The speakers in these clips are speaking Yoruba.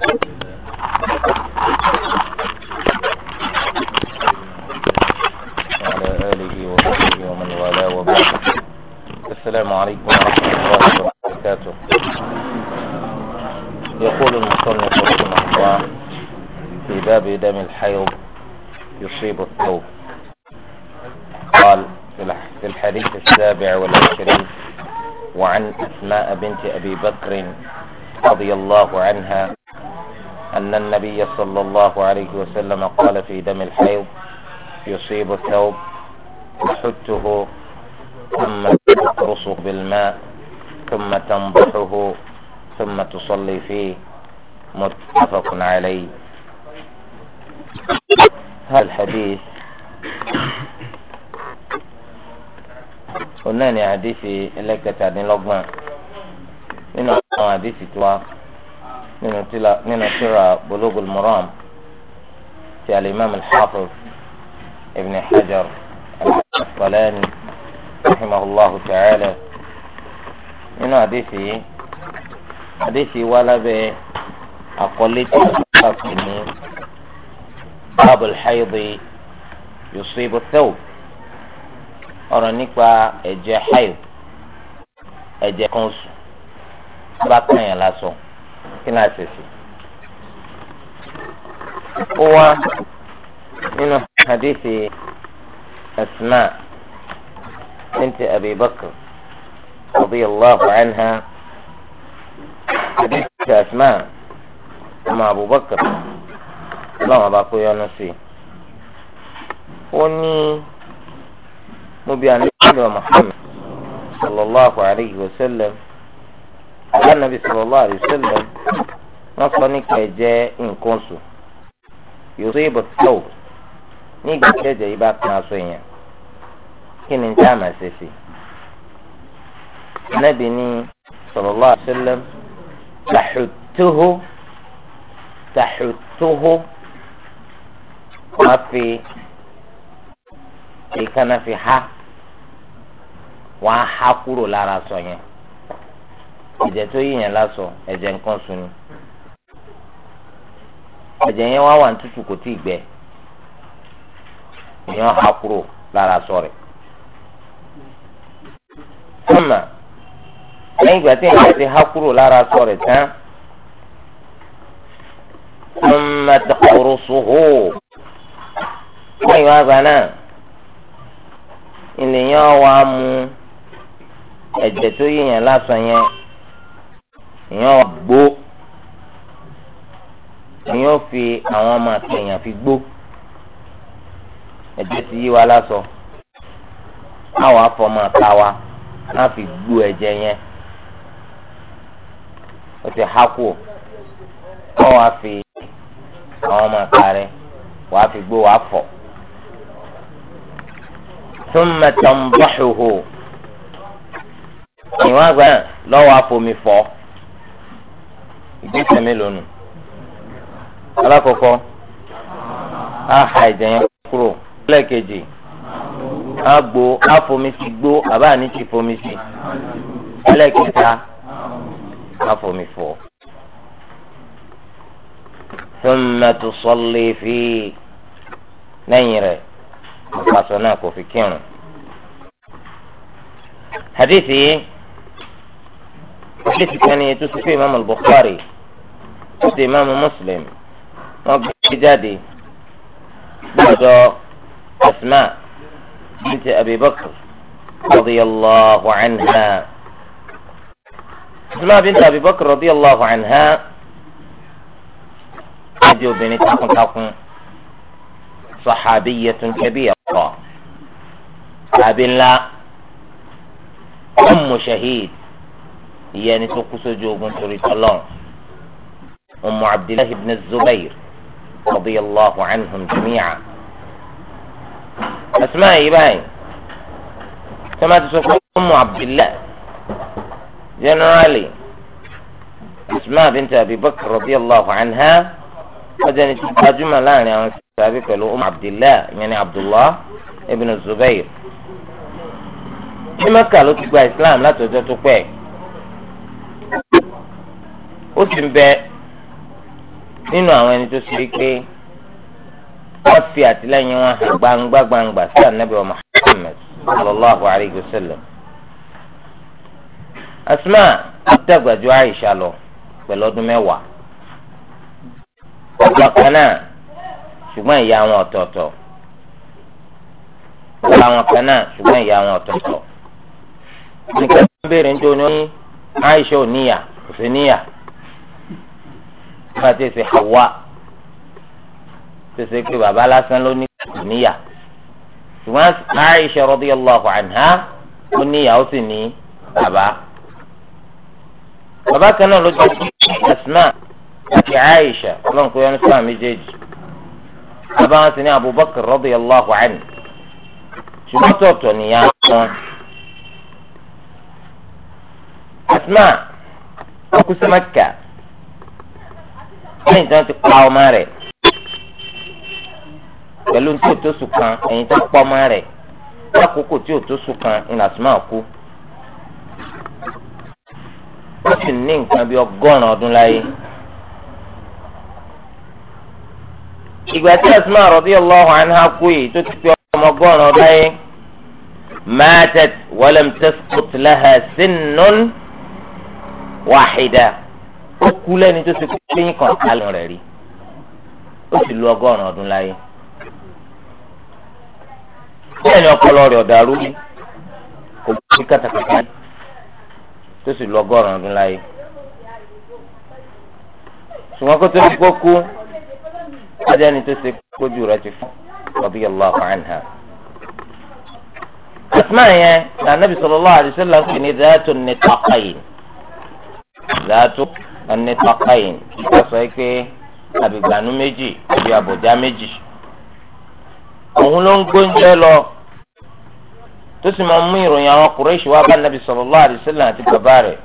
وعلى آله وصحبه ومن والاه وبعد السلام عليكم ورحمة الله وبركاته يقول المصنف رحمه الله في باب دم الحيض يصيب الثوب قال في الحديث السابع والعشرين وعن أسماء بنت أبي بكر رضي الله عنها أن النبي صلى الله عليه وسلم قال في دم الحيض يصيب الثوب تحته ثم تقرصه بالماء ثم تنضحه ثم تصلي فيه متفق عليه هذا الحديث قلنا حديثي لك تعني لقمة من حديثي توافق nínú tíra Bulugul Maram ti alimam al-Hafiz ibn Hajar al-Asqalani rahimahullahu ta'ala nínú àdéhìí yìí àdéhìí wà lábẹ́ àkọlé tí a pè ní babul haidi yusibu thawb ọ̀rọ̀ nípa ẹ̀jẹ̀ haid ẹ̀jẹ̀ kan sùn bá kàn yàn lásán kí náà ṣe sí. ó wá nínú hadithi asma binti abi bakr radiyallahu anha hadithi asma ọmọ abubakar ọlọ́run ọba kó yọ́nú sí i. ó ní mo bí àníkàlẹ̀ Muhammad sallallahu alayhi wa sallam àgbà nàbì sallallahu alaihi wasallam wọ́n sọ nípa ẹ̀jẹ̀ nǹkan sùn yusibu thawb ní ìgbà tí ẹ̀jẹ̀ yìí bá kan aṣọ èèyàn kí ni tí a máa ṣe sí. nàbì ní sallallahu alaihi tàhùtúhù tàhùtúhù wọ́n fi èékánná fi há wọ́n á há kúrò lára aṣọ yẹn. ẹ̀jẹ̀ tó yí lásọ ẹ̀jẹ̀ nǹkan sùn ni ẹ̀jẹ̀ yẹn wá wà kò tí ì gbẹ èèyàn ha kúrò lára sọ rẹ̀ sọ́mà lẹ́yìn ìgbà tí èèyàn ti ha kúrò lára sọ rẹ̀ tán sọ́mà tẹ̀kọ̀rọ̀ sòhó lẹ́yìn wá náà ènìyàn mu ẹ̀jẹ̀ tó yí lásọ yẹn. èèyàn wà gbó èèyàn fi àwọn ọmọ àtẹ̀yàn fi gbó ẹ̀jẹ̀ ti yí wa lásọ àwọn afọmọ àká wa á fi gbó ẹ̀jẹ̀ yẹn o ti há kú ọ wàá fi àwọn ọmọ àká rẹ wàá fi gbó wàá fọ̀ túmẹ̀tàn bọ́ṣùhù ìwọ̀n àgbà lọ́wọ́ àfọmìfọ́ ìgbésẹ̀ mélòó nù alákọ̀ọ́kọ́ àhà ẹ̀jẹ̀ yẹn kúrò lẹ́ẹ̀kejì àgbo àfomisi gbó àbá ní ti fomisi lẹ́ẹ̀kẹta àfomifọ̀ fúnmẹ́tò sọ́lé fi lẹ́yìn rẹ̀ ìpàṣọ náà kò fi kírun. حديثي. hadithi kan ni ètò sípè imam àti ìmáàmù Muslim wọ́n gbé jáde gbọ́dọ̀ Asma bíntì Abi Bakr radiyallahu anha Asma bíntì Abi Bakr radiyallahu anha wọ́n di obìnrin takuntakun sahabiyyatun kabira abinla ummu shahid ìyẹn ni tó kú sójú ogun torí tọ́lọ́run. أم عبد الله بن الزبير رضي الله عنهم جميعا أسماء باين كما تسوق أم عبد الله جنرالي أسماء بنت أبي بكر رضي الله عنها وجنة تتاجم الآن يعني سابقة أم عبد الله يعني عبد الله ابن الزبير ní قالوا ló ti لا تجد látọjọ́ tó nínú àwọn ẹni tó ṣe pé wọ́n fi àtìlẹ́yìn wọn hàn gbangba gbangba sí ànábì wa Muhammad sallallahu alayhi wa sallam. Asma dàgbà ju Aisha lọ pẹ̀lú ọdún mẹ́wàá. ọgbà kan náà ṣùgbọ́n ìyá wọn ọ̀tọ̀ọ̀tọ̀. ọgbà wọn kan náà ṣùgbọ́n ìyá wọn ọ̀tọ̀ọ̀tọ̀. nìkan tó ń béèrè ń jó ní Aisha ò níyà níyà nígbà tí èsì Hawa ṣèṣe pé bàbá lásán ló ní kò níyà ṣùgbọ́n Aisha radiyallahu anha ó níyà ó sì ní bàbá. bàbá kan náà ló jẹ́ kí Asma àti Aisha ọlọ́run kó yọnu sáà méjèèjì bàbá wọn sì ní Abubakar radiyallahu anhu ṣùgbọ́n tọ̀tọ̀ nìyà wọn. Asma ó kú lẹ́yìn tí wọ́n ti pa ọmọ rẹ̀ pẹ̀lú tí o tó sùn kan ẹ̀yìn tí wọ́n pa ọmọ rẹ̀ lákòókò tí o tó sùn kan ní Asma kú ó sì ní nǹkan bíi ọgọ́rùn-ún ọdún láyé. ìgbà tí Asma radiyallahu anha kú yìí tó ti pé ọmọ ọgọ́rùn-ún ọdún láyé matat walam tasqut laha sinnun wahida. ó kú lẹ́ni tó ṣe pé yín kan kálọ̀ rẹ̀ rí ó sì lu ọgọ́rùn-ún ọdún láyé bẹ́ẹ̀ ni ọpọlọ rẹ̀ ọ̀dàrú rí kò gbé kàtàkàtà tó sì lu ọgọ́rùn-ún ọdún láyé ṣùgbọ́n kó tó ti kó kú ọjọ́ ni tó ṣe kójú rẹ̀ ti fún radiyallahu anha. Asmaa yẹn, Ànábì sallallahu alaihi wasallam ń pè ní zaatu nitaqayn ẹni tọkàyìn ìgbà sọ pé àbìgbànú méjì àbí àbòjá méjì òun ló ń gbóúnjẹ lọ tó sì máa mú ìròyìn àwọn kùrẹ́ṣì wá bá nàbì sallallahu alaihi wasallam àti bàbá rẹ̀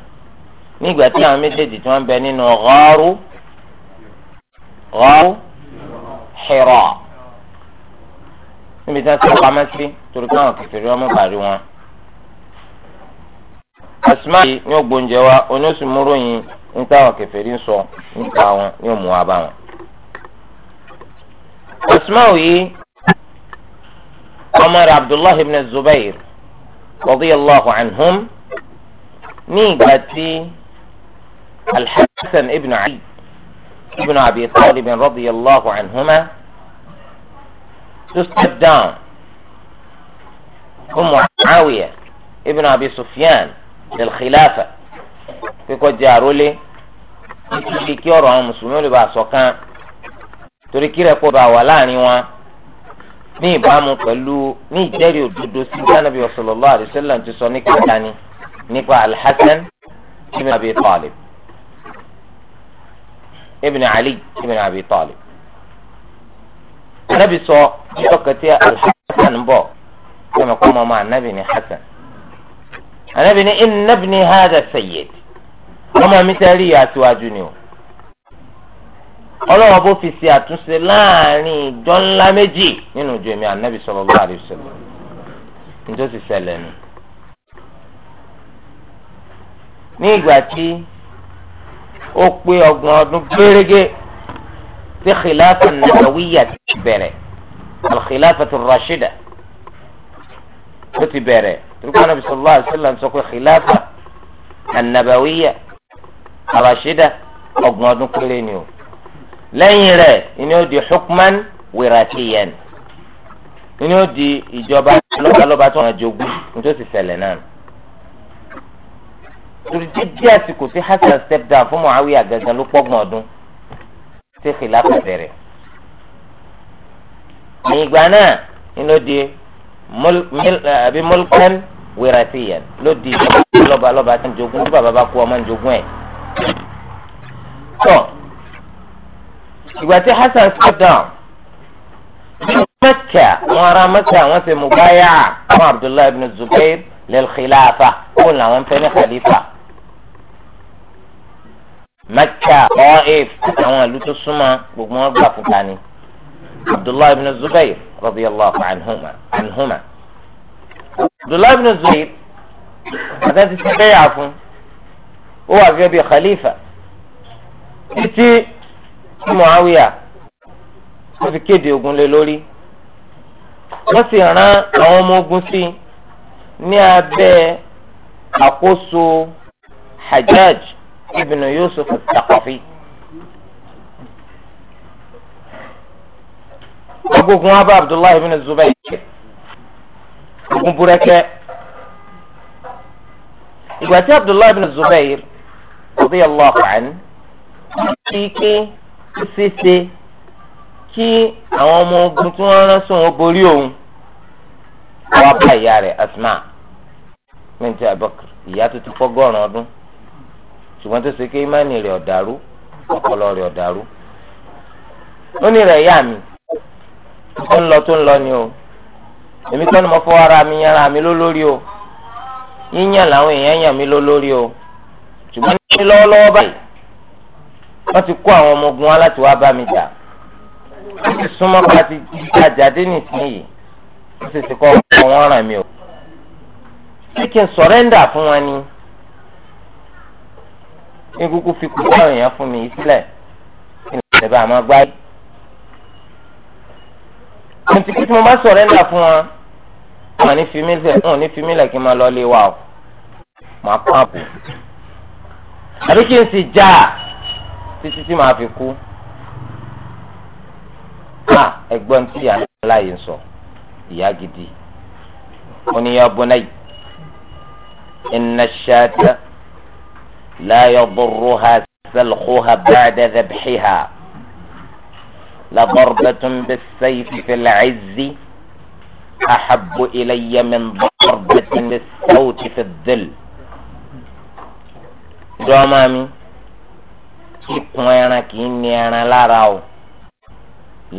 nígbà tí àwọn méjèèjì tí wọ́n bẹ nínú gharu gharu Hira níbi tí wọ́n sọ pamọ́ sí torí pé àwọn kẹfìrí ọmọ bàrí wọn. Asma yìí ní ògbóúnjẹ wa oní oṣù múròyìn níta àwọn kèfèrí ń sọ nípa wọn yóò mú wa bá wọn. Asma'u yìí ọmọ rẹ̀ Abdullah ibn Zubair wàdí Allah wa anhum ní ìgbà Alhassan ibn Ali ibn Abi Talib radiyallahu anhuma to step down fún Awiya ibn Abi Sufyan lil khilafa. kíkọ́ jẹ́ àrólé nítorí kí ọ̀rọ̀ àwọn mùsùlùmí lè bá ṣọ̀kan torí kí rẹ̀ pọ̀ bá wà láàrin wọn ní ìbámu pẹ̀lú ní ìjẹ́rìí òdodo sí jánàbí sallallahu alaihi wasallam ti sọ nípa dání nípa alhassan ibn abi talib ibn ali ibn abi talib. anabi sọ ìtọ́kẹ́tì alhassan bọ̀ sọ̀rọ̀ kọ́ ọmọ anabi ni hassan anabi ni inna ibni hadha sayyid ọmọ mi tẹ́ rí àtiwájú ni o ọlọ́wọ́ bó fi ṣe àtúnṣe láàrin ìjọ ńlá méjì nínú ìjọ èmi ànábì sallallahu alaihi wasallam nítorí ṣẹlẹ̀ nù. ní ìgbà tí ó pé ọgbọ̀n ọdún gbérégé tí khilafa nàbàwíyà ti bẹ̀rẹ̀ al-khilafatu rashida ó ti bẹ̀rẹ̀ turkana bisalòlá àti sẹlẹ̀ ń sọ pé khilafa nàbàwíyà àràṣídà ọgbọ̀n ọdún péré ni o lẹ́yìn rẹ̀ ni ó di hukman wiratiyan ni ó di ìjọba lọ́balọ́ba tó wọn jogún nítorí ti ṣẹlẹ̀ náà torí dídí àsìkò tí hasan step down fún muawiya gangan ló pọ́gbọ̀n ọdún tí khilafa bẹ̀rẹ̀ ní ìgbà náà ni ó di mulkan wiratiyan ló di ìjọba lọ́balọ́ba tó wọn jogún tí bàbá bá kú ọmọ jogún ẹ̀ tọ ìgbà tí Hasan step down ní Mẹ́kà àwọn ará Mẹ́kà wọ́n ti mú báyà fún Abdullahi ibn Zubair lil khilafa fún làwọn fẹ́ ní khalifa Mẹ́kà ọ̀ẹ́f àwọn ìlú tó súnmọ́ gbogbo wọn gbà fúta ni Abdullahi ibn Zubair radiyallahu anhuma anhuma Abdullahi ibn Zubair àti ti ti bẹ́yà fún ó wà gẹ́gẹ́ bí khalifa títí tí muawiya ó fi kéde ogun lé lórí wọ́n sì rán àwọn ọmọ ogun sí ní abẹ́ àkóso hajjaj ibn yusuf al-thaqafi. ogun wa bá abdullahi ibn zubair ogun burẹ́kẹ́ ìgbà tí abdullahi ibn zubair ọ̀bí ọlọ́ọ̀kọ̀ àní kí pé ó ṣeéṣe kí àwọn ọmọ ogun tí wọ́n rán sóun borí òun wá bá ìyá rẹ̀ Asma minti Abubakar ìyá tó ti fọ́gọ́rùn ọdún ṣùgbọ́n tó ṣe pé ìmánì rẹ̀ ọ̀dàrú ọpọlọ rẹ̀ ọ̀dàrú ó ní rẹ̀ yá mi tó ń lọ tó ń lọ ni o èmi kọ́ ni mo fọ́ ara mi yẹn ara mi lólórí o yíyàn làwọn èèyàn yàn mí lólórí o ṣùgbọ́n ní lọ́wọ́lọ́wọ́ báyìí wọ́n ti kó àwọn ọmọ ogun wa láti wá bá mi jà wọ́n ti súnmọ́ bá ti jà jáde nìsinyìí wọ́n sì ti kọ́ ọkọ̀ wọn ràn mí o. ṣé kí n sọ̀rẹ́ndà fún wọn ni ní kúkú fi kú báwọn èèyàn fún mi sílẹ̀ kí n lè bá a máa gbáyé. mo ti kí tí mo bá sọ̀rẹ́ndà fún wọn wọn ò ní fi mí lẹ̀ kí n máa lọ lé wa o màá kọ́ àbò. àbí kí n sì já a títí tí màá fi kú a ẹ̀gbọ́n tí ìyá láàyè ń sọ ìyá gidi ó ní yọ bọ náà inna ash-shata la yadurruha salkhuha ba'da dhabhiha لضربة بالسيف في العز أحب إلي من ضربة بالصوت في الذل dọ́ọ́mà mi kíkun ẹran kì í ní ẹran lára o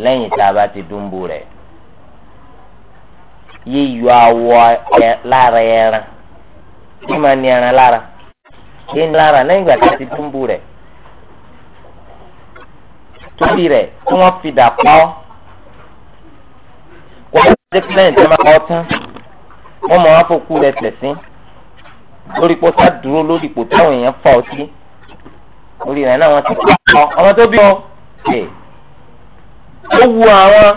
lẹ́yìn tá a bá ti dúnbò rẹ̀ yíyọ awọ lára ẹran kí máa ní ẹran lára kí ní lára lẹ́yìn tá a ti dúnbò rẹ̀ torí rẹ̀ tí wọ́n fi dà pọ́ kó wọ́n ti pílẹ̀ ní tí wọ́n máa kọ́ tán wọ́n mọ̀ wọ́n fòkú rẹ̀ tẹ̀sí lórí ipò tá dúró lórí ipò táwọn èèyàn fa ọtí lórí rẹ̀ náà wọ́n ti kọ́ ọmọ tó bí ọ ṣe ó wu àwọn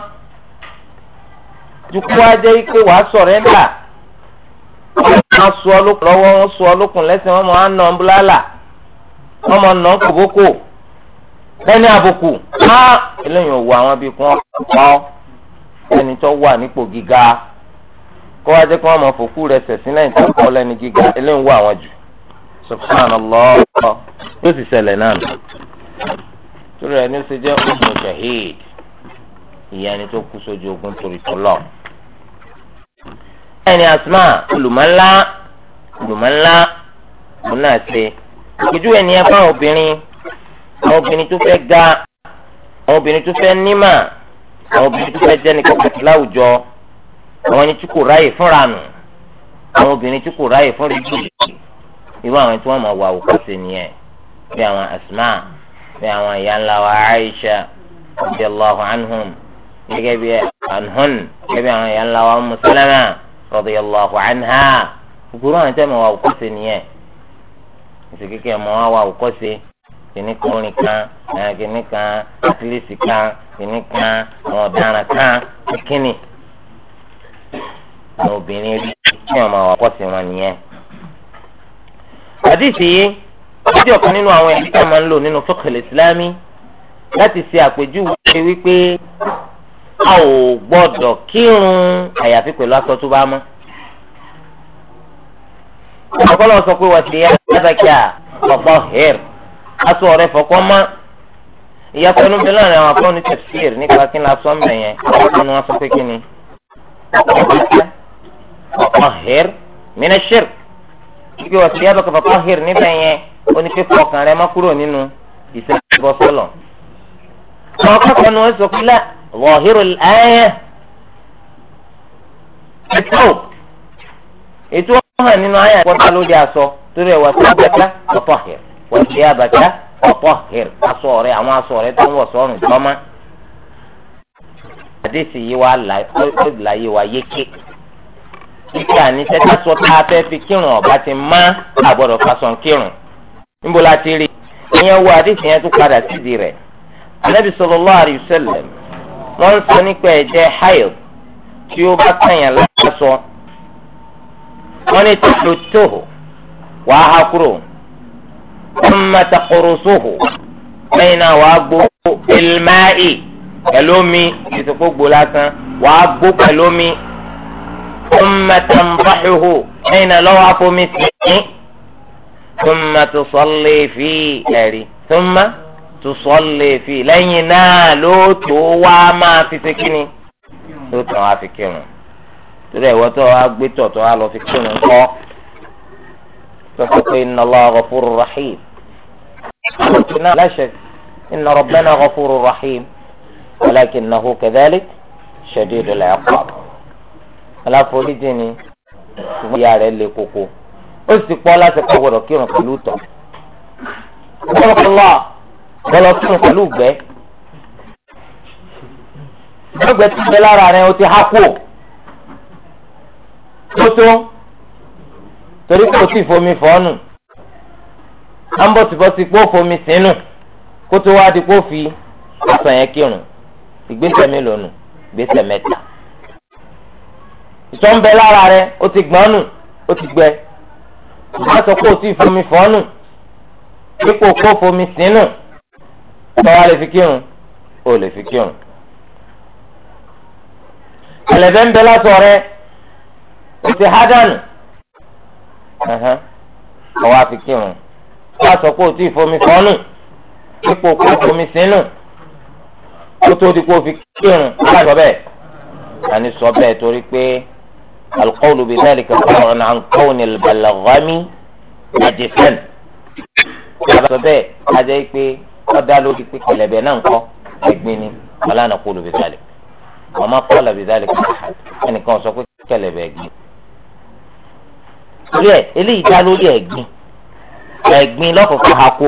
dukú ajẹ́ pé wàá sọ̀rọ̀ ẹ̀ dà wọ́n sọ ọ lókun lọ́wọ́ wọ́n sọ ọ lókun lẹ́sẹ̀ wọ́n máa ń nà ọ́n búlálà wọ́n máa ń nà ọ́n kòbókò lẹ́ni àbùkù á eléyìí ò wu àwọn bíi kí wọ́n ẹni tó wà nípò gíga kó wá jẹ́ kó wọ́n máa fòkú rẹ̀ sẹ̀sìn lẹ́yìn tó kọ́ lẹ́ni gíga eléyìí ń wọ àwọn jù subhanallah yóò sì ṣẹlẹ̀ náà nù. torí rẹ̀ ní ó ṣe jẹ́ ọmọ shahid ìyá ni tó kú sójú ogun torí tọ́lọ̀. ẹni asma olùmọ̀lá olùmọ̀lá òun náà ṣe ìpèjúwe ni ẹ fáwọn obìnrin àwọn obìnrin tó fẹ́ ga àwọn obìnrin tó fẹ́ nímà àwọn obìnrin tó fẹ́ jẹ́ nìkan pàtàkì láwùjọ àwọn ẹni tí kò ráyè fúnra nù àwọn obìnrin tí kò ráyè fún rẹ́díò irú àwọn tí wọ́n máa wà òkúṣe nìyẹn bí àwọn Asma bí àwọn ìyá ńlá wa Aisha radiyallahu anhum gẹ́gẹ́ bí anhun gẹ́gẹ́ bí àwọn ìyá ńlá wa Musalama radiyallahu anha gbogbo àwọn tí wọ́n máa wà òkúṣe nìyẹn èsì kékeré mọ́ wá wà òkúṣe kìnnì kan orin kan kìnnì kan atilisi kan kìnnì kan àwọn kan kíkínì àwọn obìnrin rí kí wọn máa wà pọ̀ sí wọn nìyẹn. àdìsí yìí ó jẹ́ ọ̀kan nínú àwọn ẹ̀rí tí a máa ń lò nínú fúkìlì ìsìlámì láti ṣe àpèjúwe wípé a ò gbọ́dọ̀ kírun àyàfi pẹ̀lú aṣọ tó bá mọ́. ọ̀pọ̀lọpọ̀ sọ pé wọ́n ti yá lábàkíà ọ̀pọ̀ hẹ́r aṣọ rẹ̀ fọ̀kọ́ mọ́ ìyàtọ̀ ẹnu bẹ́ẹ̀ láàrin àwọn akọ́ni tẹ̀síìr nípa kí n la sọ́ọ̀mù yẹn àwọn akọ́ni wọn sọ pé kí ni ọ̀hìr mìíràn ṣírk ibi wọ́n ti yá bẹ́ẹ̀ kọ́ ọ̀hìr níbẹ̀ yẹn ó ní fífọ́ ọkàn rẹ má kúrò nínú ìṣẹ́bọ sọ́lọ̀. àwọn akọ́kọ́ ni wọ́n sọ pé lá ọ̀hìr ẹ̀yẹ ètò ètò hàn nínú ayé àgbọ̀tà lórí aṣọ torí ẹ̀wà sí abẹ́ká ọ̀tọ̀hìr wọ́n ti yá bàtà ọ̀tọ̀hìr aṣọ rẹ àwọn aṣọ rẹ tó ń àdéhìsì yìí wá láyé wa yékè ike àníṣe tásọ tá a fẹ́ fi kírun ọ̀bá ti má àgbọ̀dọ̀ fasọ̀ kírun níbo la ti rí ìyẹn wo àdéhìsì yẹn tún padà sídi rẹ̀ anabi sallallahu alayhi wa sallam wọ́n ń sọ nípa ẹ̀jẹ̀ hayo tí ó bá kàyàn lásọ wọ́n ní tòló tóhò wàá ha kúrò wọ́n mẹ́ta kúrò sóhò lẹ́yìn náà wàá gbó ilmáì pẹ̀lú omi ìsopọ̀ gbò lásán wàá gbó pẹ̀lú omi ọmọtàǹbáhìhò ẹ̀yìn náà lọ́wọ́ àfomi sìn tùmà tó sọ́lé fi ẹ̀rí tùmà tó sọ́lé fi lẹ́yìn náà ló tó wá máa fi ṣe kíni ló tàn á fi kírun torí ẹ̀wọ́ tó wá gbé tọ̀ tó wá lọ fi kírun kọ́ tó sọ pé inna Allah ghafurur rahim. Inna rabbana ghafurur rahim. ولكن kadhalik كذلك شديد aláforíjì ni ṣùgbọ́n ìyá rẹ̀ le koko ó sì pọ́ láti kọ́ gbọ́dọ̀ kírun pẹ̀lú tọ̀ ọlọ́pàá gbọ́dọ̀ kírun pẹ̀lú gbẹ́ gbẹ́gbẹ́ tí bẹ lára rẹ̀ o ti há kú tó tó torí kò sí ìfomi fọ́ọ̀nù à ń fomi sínú kó tó wá di kó fi àtàn yẹn kírun ìgbésẹ̀ mélòó nù ìgbésẹ̀ mẹ́ta ìtọ́ ń bẹ lára rẹ ó ti gbọ́n nù ó ti gbẹ ìgbà sọ pé ó ti fomi fọ́ nù dípò kó fomi sínú tọ́wá lè fi kírun ó lè fi kírun kẹlẹ̀bẹ̀ ń bẹ lásọ rẹ ó ti há dànù ọwọ́ àfikírun ó wá sọ pé ó ti fomi fọ́ nù dípò kó fomi sínú kó tó di kó fi kírun ká sọ bẹ́ẹ̀ àní sọ bẹ́ẹ̀ torí pé alqawlu bi dhalika far'un an kawni al-balghami najisan sọ bẹ́ẹ̀ ajẹ́ pé ọ̀dà lórí pé kẹlẹ̀bẹ̀ náà ń kọ́ ẹ̀gbin ni wala naqulu bi dhalika wa ma qala bi dhalika ẹnìkan sọ pé kẹlẹ̀bẹ̀ ẹ̀gbin torí ẹ̀ eléyìí dá lórí ẹ̀gbin ẹ̀gbin lọ́kọ̀ọ̀kan ha kú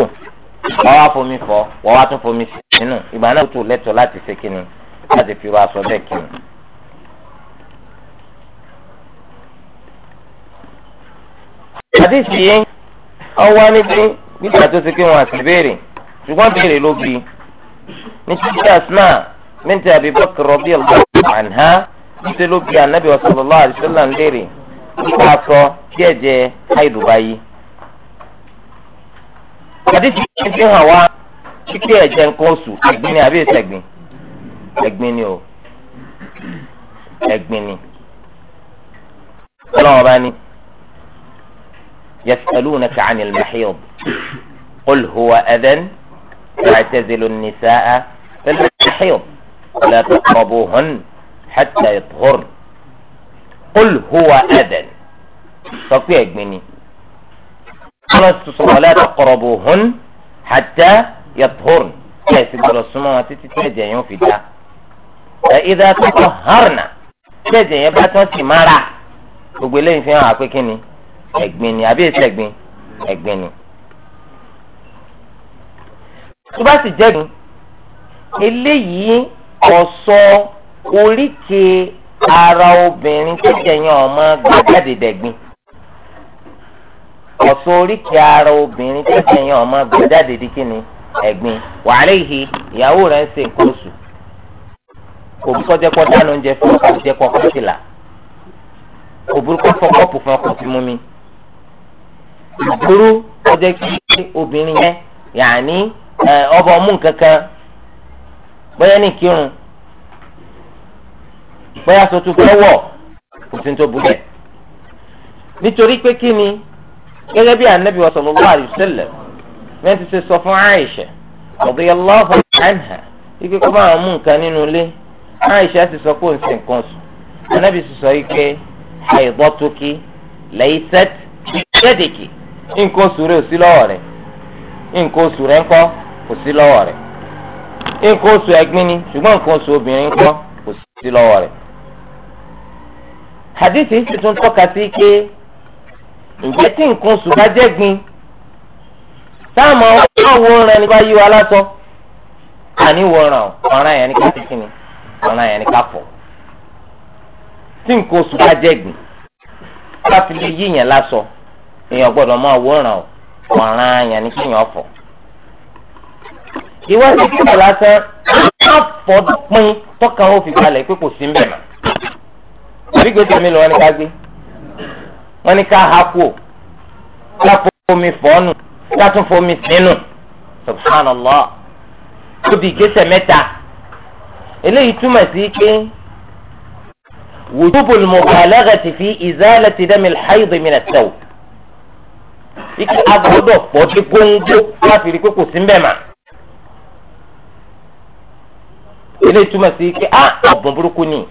wọ́n wá fomi fọ wọ́n wá tún fomi sínú ìgbà náà tó lẹ́tọ̀ọ́ láti ṣe kíni láti fi ro aṣọ bẹ́ẹ̀ kíni. àdìsí yìí ọwọ́ níbi gbígbà tó ṣe pé wọ́n àti béèrè ṣùgbọ́n béèrè ló bi nítorí Asma binti Abi Bakr radiyallahu anha níṣẹ́ ló bi Ànábì sallallahu alaihi wasallam léèrè nípa aṣọ tí ẹ̀jẹ̀ àìdùbá yìí. ti yìí fi hàn wá kíkí ẹ̀jẹ̀ nǹkan oṣù ẹ̀gbin ni àbí ìṣẹ̀gbin ẹ̀gbin ni o ẹ̀gbin ni ọlọ́wọ́n bá ní yasalunaka anil mahiyub qul huwa adhan fa'tazilu an-nisaa fil mahiyub la taqrabuhun hatta yatahhurn qul huwa adhan sọ pé ẹ̀gbin ni. wọ́n ti sọ wọlé àtọkọ̀rọ̀bù hún àtẹ yàtọ̀rùn ẹ̀ sì gbọ́dọ̀ súnmọ́ wọn títí tí ẹ̀jẹ̀ yẹn ò fi dá. ẹ̀ ìdá tọkọ hàrùnà tí ẹ̀jẹ̀ yẹn bá tán sì máa rà gbogbo eléyìí fi hàn àpé kíni ẹ̀gbin ni àbí èsì ẹ̀gbin ni. tó bá sì jẹ́gun eléyìí ọ̀sọ́ oríkèé ara obìnrin tí ẹ̀jẹ̀ yẹn ọ̀ dẹ̀gbin. ọ̀tún oríkèé ara obìnrin tẹ̀sẹ̀ yẹn ọmọ gbé jáde di kíni wàhálà ìhì ìyàwó rẹ̀ ń ṣe nǹkan oṣù kò bí dáná oúnjẹ fún ọkọ̀ ìjẹ́pọ̀ kọ́sìlà fún tí mú mi. ìdúró kí obìnrin yẹn yàní ọba ni. gẹ́gẹ́ bí anabi wa sallallahu alayhi wa sallam wọ́n ti ṣe sọ fún Aisha radiyallahu anha ike kó máa mú nǹkan nínú ilé Aisha ti sọ pé òun sì nǹkan sùn anabi sì sọ ike haidatuki laysat yadiki nǹkan oṣù rẹ̀ ò sí lọ́wọ́ rẹ̀ nǹkan oṣù rẹ̀ ńkọ́ kò sí lọ́wọ́ rẹ̀ nǹkan oṣù ẹ̀gbin ni ṣùgbọ́n nǹkan oṣù obìnrin ńkọ́ kò sí lọ́wọ́ rẹ̀. hadithi sì tún tọ́ka sí pé ǹjẹ́ tí nǹkan oṣù bá jẹ́ gbin táàmù àwọn òǹran nípa yíwa lásán àní wọ̀ràn ọ̀ràn yẹn ní ká ti kíni ọ̀ràn yẹn ní ká fọ̀ tí nǹkan oṣù bá jẹ́ gbin bá fi lè yíyàn lásán èèyàn gbọ́dọ̀ máa wọ̀ràn ọ̀ràn yẹn ní kíyàn fọ̀ ìwádìí kíkọ̀ lásán àfọ̀dún pin tọ́ka ó fi kalẹ̀ pé kò sí mbẹ̀ mọ́ àbí gbèsè mi lọ́wọ́ ní ká gbé wọ́n ní ká ha kú ká fomi fọ́ọ̀nù ká tún fomi sínú subhanallah ó di ìgbésẹ̀ mẹ́ta eléyìí túmọ̀ sí pé wujubul mubalaghati fi izalati damil hayd min as-saw ike agbọ́dọ̀ pọ̀ dé góńgó láti rí i sí mbẹ́ eléyìí túmọ̀ sí pé a ah, ọ̀bùn burúkú ni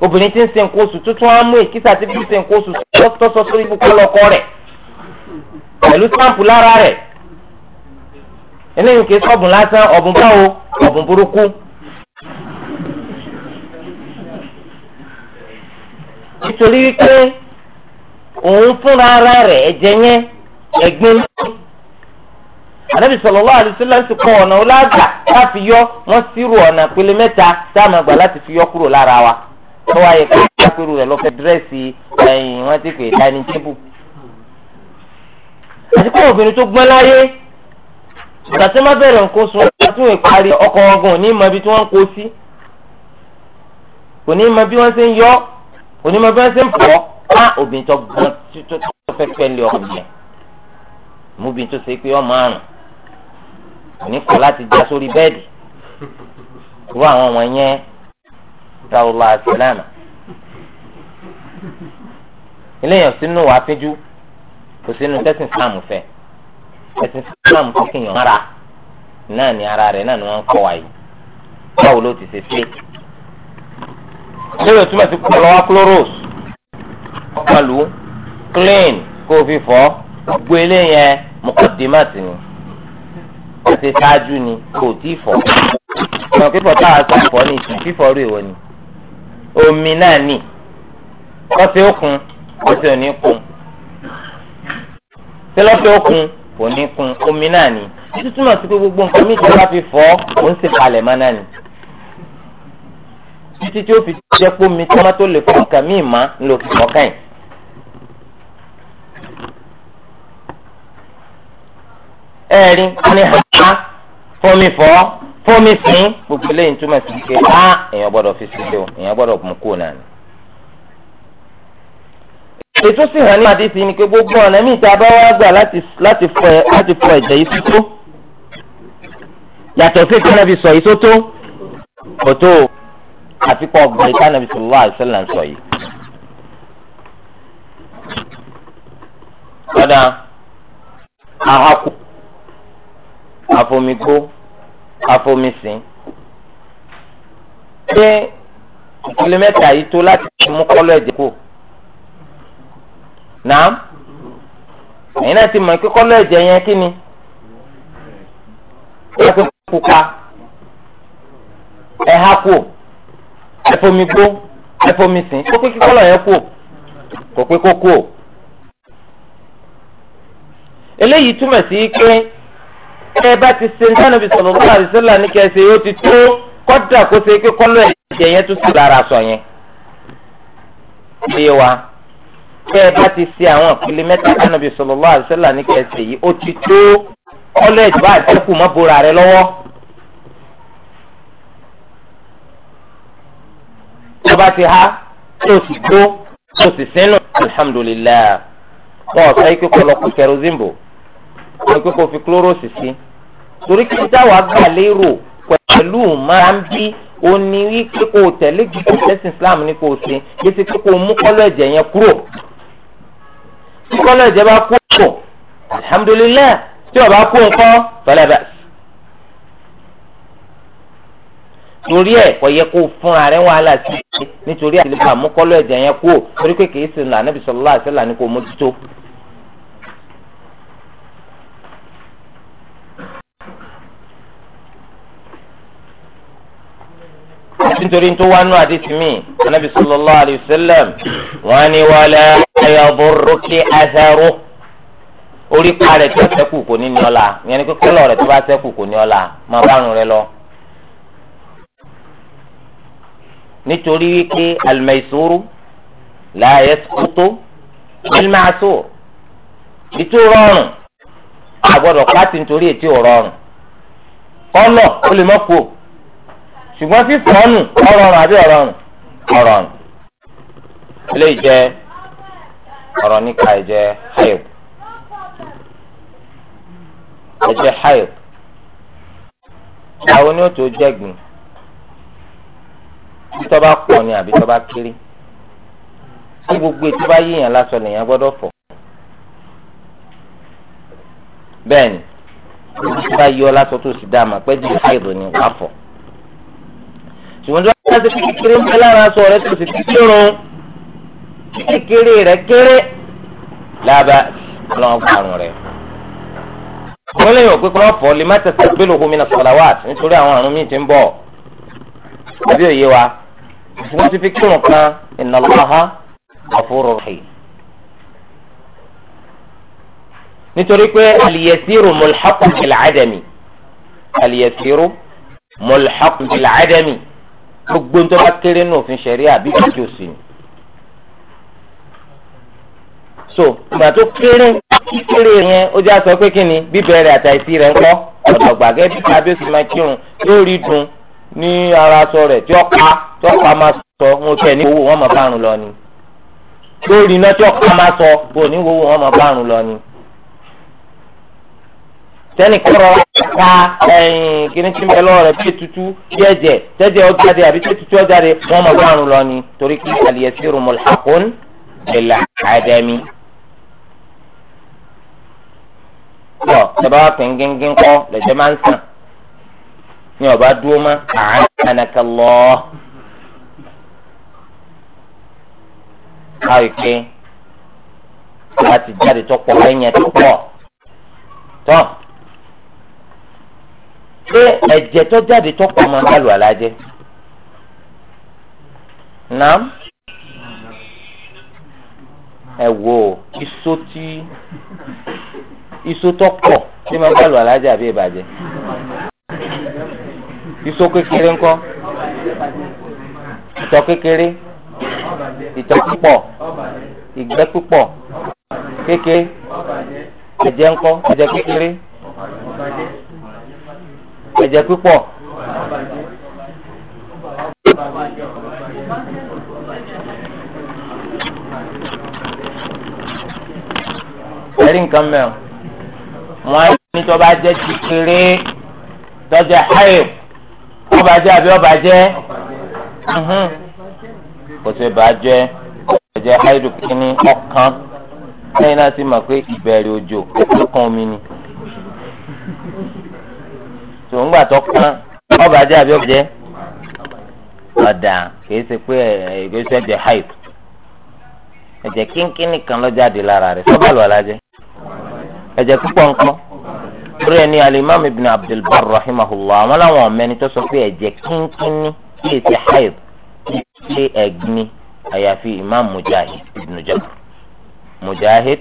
obìnrin tí ń ṣe nǹkan oṣù tuntun á mú ìkísà tí bí ń ṣe nǹkan oṣù tọ́sọ sórí ibùkún lọ́kọ rẹ̀ pẹ̀lú sáǹpù lára rẹ̀ eléyìí kìí sọ́ọ̀bùn lásán ọ̀bùn báwo ọ̀bùn burúkú. nítorí wípé òun fúnra ara rẹ̀ ẹ̀jẹ̀ yẹn ẹ̀gbin ànábì sallallahu alaihi wasallam ti kọ ọ̀nà ọlọ́gbà láti yọ wọ́n sírò ọ̀nà pele mẹ́ta tá a máa gbà láti fi yọ kúrò lára wa wọ́n wá yẹ kí akérò rẹ̀ lọ fẹ́ dírẹ́sì ẹ̀yìn wọ́n ti pè dání tébù. àti pé obìnrin tó gbọ́n láyé ìgbà tí wọ́n bẹ̀rẹ̀ nǹkan oṣù wọn tún ìparí ọkọ̀ ọgùn ní ìmọ̀ ibi tí wọ́n ń kó sí kò ní mọ bí wọ́n ṣe ń yọ kò ní mọ bí wọ́n ṣe ń pọ̀ á obìnrin tó gbọ́n tó fẹ́ fẹ́ lé ọkùnrin yẹn múbin tó ṣe pé ọmọ àrùn kò ní kọ̀ láti já sórí bẹ́ẹ̀dì irú àwọn ọmọ yẹn sàlùlá àṣẹlẹ́mà eléyàn sínú wàá fíjú kò sínú tẹ́sán islam fẹ́ ẹ̀sìn islam fẹ́ kéèyàn ara náà ni ara rẹ̀ náà ni wọ́n ń kọ́ wa yìí báwo ló ti ṣe ṣe lórí òtúmọ̀ sí kọ́ lọ́wọ́ chloros ọ̀pọ̀lù clean kó o fi fọ́ gbogbo eléyẹn mọ̀kọ́dìmọ̀tì ni ọ̀sẹ̀ ṣáájú ni kò tí ì fọ́ ọ̀nà pípọ̀ táwa sọ fọ́ ní ìsìn fífọ́ rí ìwọ ni omi náà nì lọ́sẹ̀ òkun lọ́sẹ̀ òní kun ṣé lọ́sẹ̀ òkun kò ní kun omi náà nì títí túmọ̀ sí pé gbogbo nǹkan mi ìjọba fi fọ́ kò ń sì palẹ̀ mọ́ náà nì títí tí ó fi jẹ́ pé omi tí wọ́n tó lè fọ́ nǹkan míì má ló fi mọ́ káyìn. ẹ̀rín wọn ni ha fọmi fọ́ fómi sín gbogbo eléyìí túmọ̀ sí pé á èèyàn gbọ́dọ̀ fi sílẹ̀ o èèyàn gbọ́dọ̀ mú kó náà ni. ètò sì hàn ní àdìsí ni pé gbogbo ọ̀nà míì tá a bá wá gbà láti fọ ẹ̀jẹ̀ yìí tó yàtọ̀ sí ìtàn nàbì sọ yìí tó tó kò tó àti pọ̀ gbọ̀ ìtàn nàbì sallallahu alaihi wasallam sọ yìí. lọ́dà àhàkù àfọmígbó afomisin ṣé ìpele mẹ́ta yìí tó láti mú kọ́lọ́ ẹ̀jẹ̀ kù náà ẹ̀yin náà ti mọ̀ pé kọ́lọ́ ẹ̀jẹ̀ yẹn kí ni wọ́n ti pupa ẹ̀ha kù ẹ̀fọ́migbó ẹ̀fọ́misìn kó pé kí kọ́lọ́ yẹn kù kó pé kó kù eléyìí túmọ̀ sí pé ẹ bá ti ṣe ntánu bí sọlọ bá àdìsẹ́ là ní kẹsẹ̀ yóò ti tó kọ́dà kó ṣe pé kọ́lọ́ ẹ̀jẹ̀ yẹn tún sí lára sọ yẹn. ṣé wa ẹ bá ti ṣe àwọn ìpele mẹ́ta ntánu bí sọlọ bá àdìsẹ́ là ní kẹsẹ̀ yìí ó ti tó kọ́lọ́ ẹ̀jẹ̀ bá àdìsẹ́kù mọ́ bora rẹ lọ́wọ́. tó bá ti há tó sì tó tó sì sínú alhamdulilayi wọn ò sọ ikú kọlọ́kù kẹrù zimbo wọ́n pé kó fi chlorosis sí torí kí táwa gbà lérò pẹ̀lú máa ń bí o ní wípé kó tẹ̀lé gbígbó tẹ́sí Islam ní kó o ṣe kí ti pé kó o mú kọ́lọ̀ ẹ̀jẹ̀ yẹn kúrò tí kọ́lọ̀ ẹ̀jẹ̀ bá kúrò alhamdulilayi tí o bá kú nǹkan fẹlẹ́ bẹ́ẹ̀. torí ẹ kọyẹ kó fúnra rẹ wàhálà sí i nítorí àti lè bá àmúkọ́lọ́ ẹ̀jẹ̀ yẹn kú torí pé kìí sin lànà bisọ̀lá àti lànà kò mójútó. àti nítorí tó wá nù àdìsí mi anabi sallallahu alayhi wa sallam wọn ni wàlẹ ayọbọrọkẹ azaro orí pa rẹ tó ṣẹ́kù kò ní ní ọlá yẹn ni kọlọ rẹ tó bá ṣẹ́kù kò ní ọlá máa bá rùn rẹ lọ. nítorí wípé alimaisoro la yẹsùkútó alimaso ètò rọrùn àgbọ́dọ̀ pàtì nítorí ètò rọrùn kọlọ ó ṣùgbọ́n sísọ ọ̀nù ọ̀rọ̀rùn àbí ọ̀rọ̀rùn ọ̀rọ̀rùn ilé ìjẹ ọ̀rọ̀ nípa ìjẹ hayo ìjẹ hayo ìyàwó ni ó tó jẹ́gbìn tí tọ́ bá pọ̀ ni àbí tọ́ bá kéré tí gbogbo ètò bá yíyàn lásán lèèyàn gbọ́dọ̀ fọ̀ bẹ́ẹ̀ ni tí bá yọ lásán tó sì dá àmọ́ pẹ́ di hayo ni wàá fọ̀. ṣùgbọ́n tí wọ́n bá ti kékeré ń bẹ lára sọ rẹ tó sì ti kírun kékeré rẹ kéré lába ọlọ́run parun rẹ. wọ́n lè yàn pé kí wọ́n fọ́ lè má tẹ̀sán pé lóko mi nà sọ̀làwàt nítorí àwọn àrùn míì ti ń bọ̀ àbí òye wa ṣùgbọ́n ti fi kírun kan ìnàlọ́ha àfúrò rẹ̀. nítorí pé àlìyẹsírù mọ̀lẹ́hàkùn bìlà àdàmì àlìyẹsírù mọ̀lẹ́hàkùn bìlà àdàmì. gbogbo ń tó bá kéré nù òfin ṣẹ̀rí àbí kìkì òsì ni. so ìgbà tó kéré kíkéré yẹn ó já sọ pé kí ni bíbẹ̀rẹ̀ àtàìsí rẹ̀ ń kọ́ ọ̀dọ̀gbà gẹ́gẹ́ bí kábíyèsí máa kírun yóò rí dùn ní ara sọ rẹ̀ tí ọ̀pá tí ọ̀pá máa sọ wọn kẹ́ ní owó wọn máa bárun lọ ni. lórí iná tí ọ̀pá máa sọ wọn ní owó wọn máa bárun lọ ni sẹ́ni kọ́rọ̀ ká ẹ̀yìn kíní tí mẹ́lọ́ rẹ̀ bí ètùtù bí ẹ̀jẹ̀ tẹ́jẹ̀ ọ̀jáde àbí tí ètùtù ọ̀jáde wọ́n mọ̀ bá àrùn lọ ni torí kí àlìyẹsí rùmọ̀lì àkún lèlà àdẹ́mi. bọ̀ tẹ́bá pín gíngín kọ́ lẹ́jẹ̀ máa ń sàn ní ọba dúró mọ́ àánàkà lọ. káwé pé láti jáde tó pọ̀ lẹ́yìn ẹ̀ tó pọ̀ tán pé ẹ̀jẹ̀ tó jáde tó pọ̀ máa ń bá lùwàlá jẹ́ nàám ẹ wo iṣó tí iṣó tó pọ̀ tí máa ń bá lùwàlá jẹ́ àbí ìbàjẹ́ iṣó kékeré ńkọ́ ìtọ̀ kékeré ìtọ̀ púpọ̀ ìgbẹ́ púpọ̀ kékeré ẹ̀jẹ̀ ńkọ́ ẹ̀jẹ̀ kékeré ẹ̀jẹ̀ pípọ̀. ẹ̀rí nǹkan mẹ́rin wọ́n á ní tó bá jẹ́ ti kéré tọ́jà ayò ọba jẹ́ àbí ọba jẹ́ kò sí ìbá jẹ́ ẹ̀jẹ̀ ayò kínní ọ̀kan lẹ́yìn náà sì mọ̀ pé ìbẹ̀rẹ̀ òjò ẹ̀kọ́ kan omi ni tòun gbà tó kán ọba jẹ́ àbí ọ̀jẹ́ ọ̀dà kìí ṣe pé ìgbésẹ̀ jẹ́ hype ẹ̀jẹ̀ kínkín nìkan ló jáde lára rẹ̀ sọ́bà lọ́la jẹ́ ẹ̀jẹ̀ púpọ̀ nǹkan torí ẹni alimami ibn abdulbar rahimahullah àwọn làwọn ọ̀mẹ́ni tó sọ pé ẹ̀jẹ̀ kínkín ní kìí ṣe hype kìí ṣe ẹ̀gbin àyàfi imam mujahid ibn jabr mujahid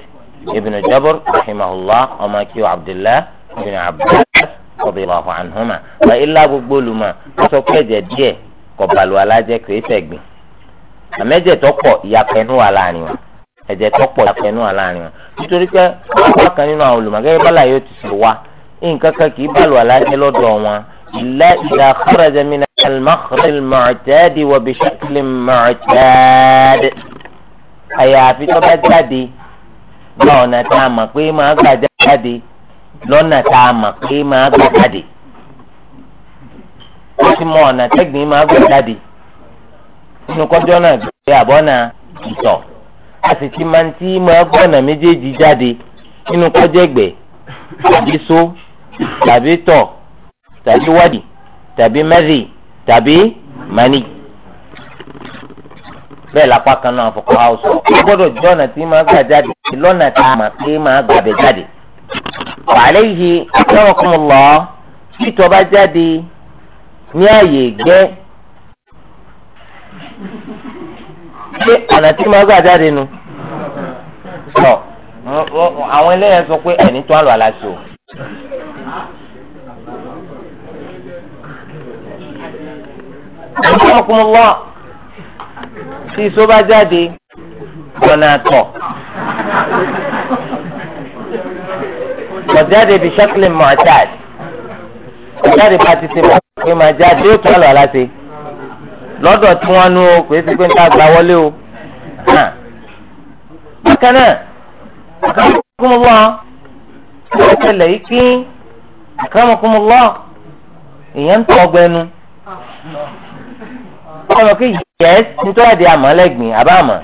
ibn jabr rahimahullah ọmọ akíw abdullah ibn abdullah radiyallahu anhuma wà ilá gbogbo olùmọ̀ sọ pé ẹ̀jẹ̀ díẹ̀ kò bàlù alájẹ kìí sẹ̀gbìn àmẹ́jẹ̀ tó pọ̀ ìyàpẹ̀nú wà láàrin wọn ẹ̀jẹ̀ tó pọ̀ ìyàpẹ̀nú wà láàrin wọn nítorí pé wọ́n kàn nínú àwọn olùmọ̀ gẹ́gẹ́ bọ́lá yóò ti sọ wá nǹkan kan kìí bàlù alájẹ lọ́dọ̀ wọn illa idha kharaja min al-makhraj al lọ́nà tá a mọ̀ pé máa gbà jáde ó ti mọ ọ̀nà tẹ́gbìn máa gbà jáde nínú kọjọ́ náà gbé àbọ̀nà ìtọ̀ a sì ti máa ń tí máa gbọ̀nà méjèèjì jáde nínú kọjọ́ ẹ̀gbẹ́ tàbí so tàbí tọ̀ tàbí wádìí tàbí mẹ́rì tàbí mani bẹ́ẹ̀ lápá kan náà fọkàn á sọ ó gbọ́dọ̀ jẹ́ ọ̀nà tí máa gbà jáde lọ́nà tá a mọ̀ pé máa gbàbẹ̀ jáde wàhálẹ́yìí akẹ́wọ̀kọ́mọlọ́ tí ìtọ̀ bá jáde ní àyè gbẹ́ ṣé ọ̀nà tí mo gbà jáde nu sọ àwọn eléyàn sọ pé ẹni tó àlọ́ aláṣọ. akẹ́wọ̀kọ́mọlọ́ tí ìtọ̀ bá jáde ọ̀nà àtọ̀ ọ̀jáde bíi ṣọ́kìlì mọ̀ọ́tàd ọ̀jáde bá ti ṣe mọ̀ pé máa jáde yóò tún àlọ́ aláṣẹ lọ́dọ̀ tí wọ́n nu o kò sí pé ń ta gbà wọlé o. bákan náà àkàmọ́kùnmọ́ ló ṣẹlẹ̀ yìí kí àkàmọ́kùnmọ́ lọ èèyàn ń tọ́ ọgbẹ́nu. ọ̀rọ̀ kí yẹ́s nítorí àdé àmọ́ lẹ́gbìn àbá àmọ́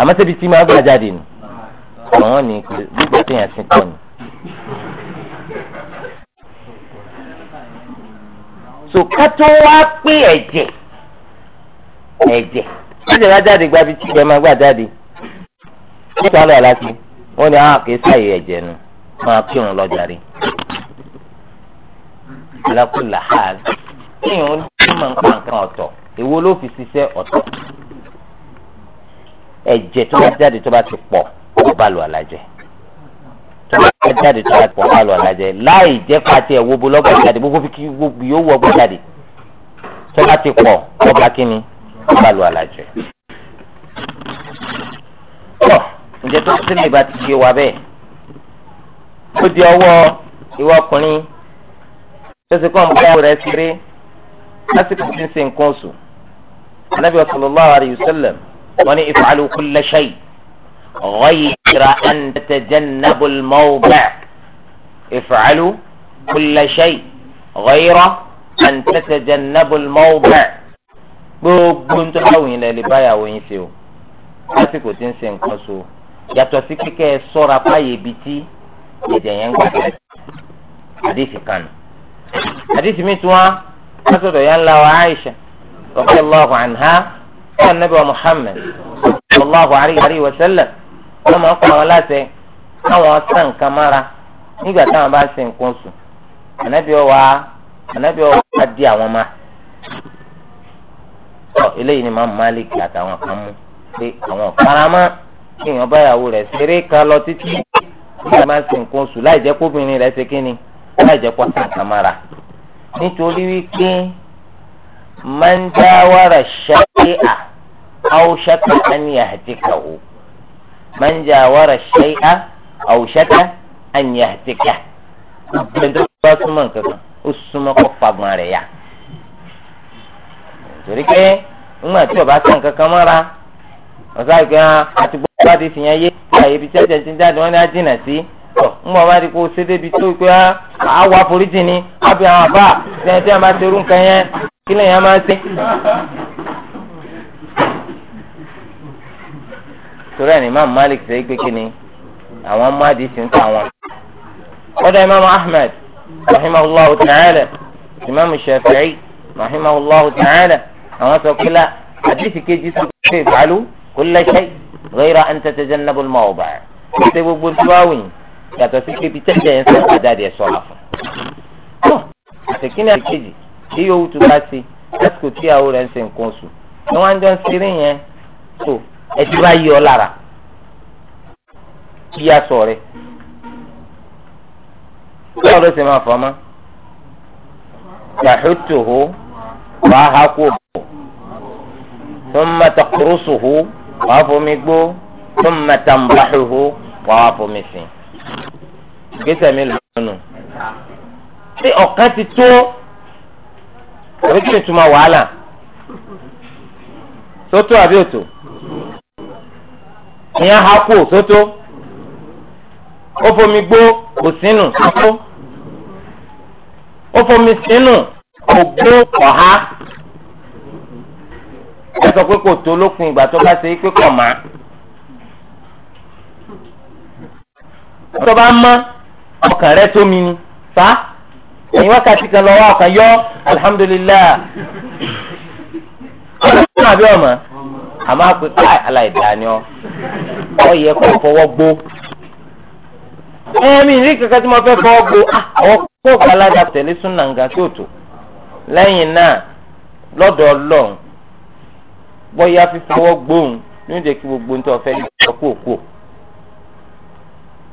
àmọ́ sẹ́bi tí máa gbà jáde nù. àwọn ní gbígbà téèyàn sí kọ́ ni. sòká tó wá pé ẹ̀jẹ̀ ẹ̀jẹ̀ ẹ̀jẹ̀ bá jáde gba ibi tí ìgbẹ́ máa gbà jáde níta ọ̀la láti wọ́n ní àwọn ah, àkè sáyé ẹ̀jẹ̀ nu máa kírun lọ jàre alákùlà hàl kíyàn ó ní mọ̀ nípa nǹkan ọ̀tọ̀ èwo ló fi ṣiṣẹ́ ọ̀tọ̀ ẹ̀jẹ̀ tó bá jáde tó bá ti pọ̀ ó bá lu àlàjẹ́ tó bá gbé jáde tó bá pọ̀ bá lọ àlájẹ láì jẹ́ pàtẹ́ ẹ̀wọ́ bo lọ́gbà jáde gbogbo fi kí gbogbo yóò wọ́ gbé jáde tó bá ti pọ̀ ọba kínni tó bá lọ àlájẹ. pọ̀ ǹjẹ́ tó sí ní ìbá ti ṣe wa bẹ́ẹ̀ ó di ọwọ́ ìwọ ọkùnrin tó ti kọ́ ń bá rẹ̀ ṣeré lásìkò tí ń ṣe nǹkan oṣù anábìyà sallallahu alayhi wa sallam wọn ní if'alu kulla shay'. غير أن تتجنبوا الموضع افعلوا كل شيء غير أن تتجنبوا الموضع gbogbo ń tọ́lá òyìn lẹ lè báyàwó yín ṣe o lásìkò tí ń ṣe nǹkan so yàtọ̀ sí kíkẹ́ ẹ sọ́ra fáyé ibi tí ẹ̀jẹ̀ yẹn ń gbà tẹ̀ àdìsí kanu àdìsí mi tún wá lásìkò yẹn ń la wa Aisha radiyallahu anha ṣáà nàbẹ̀ wa Muhammad sallallahu alayhi wọ́n máa ń pa wọn láṣẹ káwọn sàn nǹkan mára nígbà táwọn bá ń ṣe nǹkan oṣù ànábì ọwà ànábì ọwà á di àwọn máa tọ eléyìí ni máa Malik àtàwọn kan mú pé àwọn faramá kí èèyàn báyàwó rẹ̀ ṣeré kan lọ títí nígbà máa ń ṣe nǹkan oṣù láì jẹ́ kóbìnrin rẹ̀ ṣe kíni láì jẹ́ kó sàn nǹkan mára nítorí wípé máa ń dá wàrà ṣáké à áwòṣáké á ní àdìkàwó. man jawara shay'a aw shata an yahtika gbẹ̀ndó bá súnmọ́ nǹkan kan ó súnmọ́ kó fagbọn rẹ̀ yá torí pé ńgbà tí o bá sàn kankan mọ́ra ọ̀sán ìgbà àti gbọ́dọ̀ bá ti ibi tí ti ń di kó o ṣe débi tó pé á ni á bí àwọn àbá ṣẹ́yìn tí a máa ṣerú nǹkan yẹn kí lèèyàn máa torí ẹni imam malik ṣe é pé kí ni àwọn mádìí sì ń ta wọn. ọ̀dọ̀ imam ahmed rahimahullahu ta'ala imam shafi'i rahimahullahu ta'ala àwọn sọ pé la àdìsí kejì sọ pé ìfàlù kulla shay ghayra an tatajannabu al-mawdi'. ṣe gbogbo tí wàá wìn yàtọ̀ sí pé ibi tẹ́jẹ̀ yẹn sọ àjáde ẹ̀ sọ̀rọ̀ fún. àtẹ̀kínní àtẹ̀kejì tí yòówù tó bá ti lásìkò tí rẹ̀ ń ṣe nǹkan oṣù ni wọ́n jọ ń ṣeré yẹn tó ẹtí bá yí ọ lára kí yá sọ rẹ báwo ló ṣe máa fọ ọmọ tàhútùhù wàá ha kú òbò thumma taqrusuhu wàá fomi gbó thumma gbèsè mi lónìí ṣé ọ̀kan ti tó àbí kí ni túmọ̀ wàhálà tó tó àbí òtò ìyẹn ha kú sótó ó fomi gbó kò sínú sótó ó fomi sínú kò gbó ọ̀há ẹ sọ pé kò tó lópin ìgbà tó bá ṣe é pé kọ̀ máa. tó bá mọ́ ọkàn rẹ tó mi ni fa ẹ̀yin wákàtí kan lọ́wọ́ ọkàn yọ alihamudulilayi ọlọ́run àbí ọmọ àmọ́ àpèké aláìdáni ọ ọ yẹ kó fọwọ́ gbó ẹ̀mí rí kankan tí mo fẹ́ fọwọ́ gbó ah, àwọn kóòkù aládàá tẹ̀lé súnàǹgà tó tó lẹ́yìn náà lọ́dọ̀ ọlọ́run bóyá fífọwọ́ gbóhùn ní oúnjẹ kí gbogbo nítorí ọ̀fẹ́ yìí lọ kó kó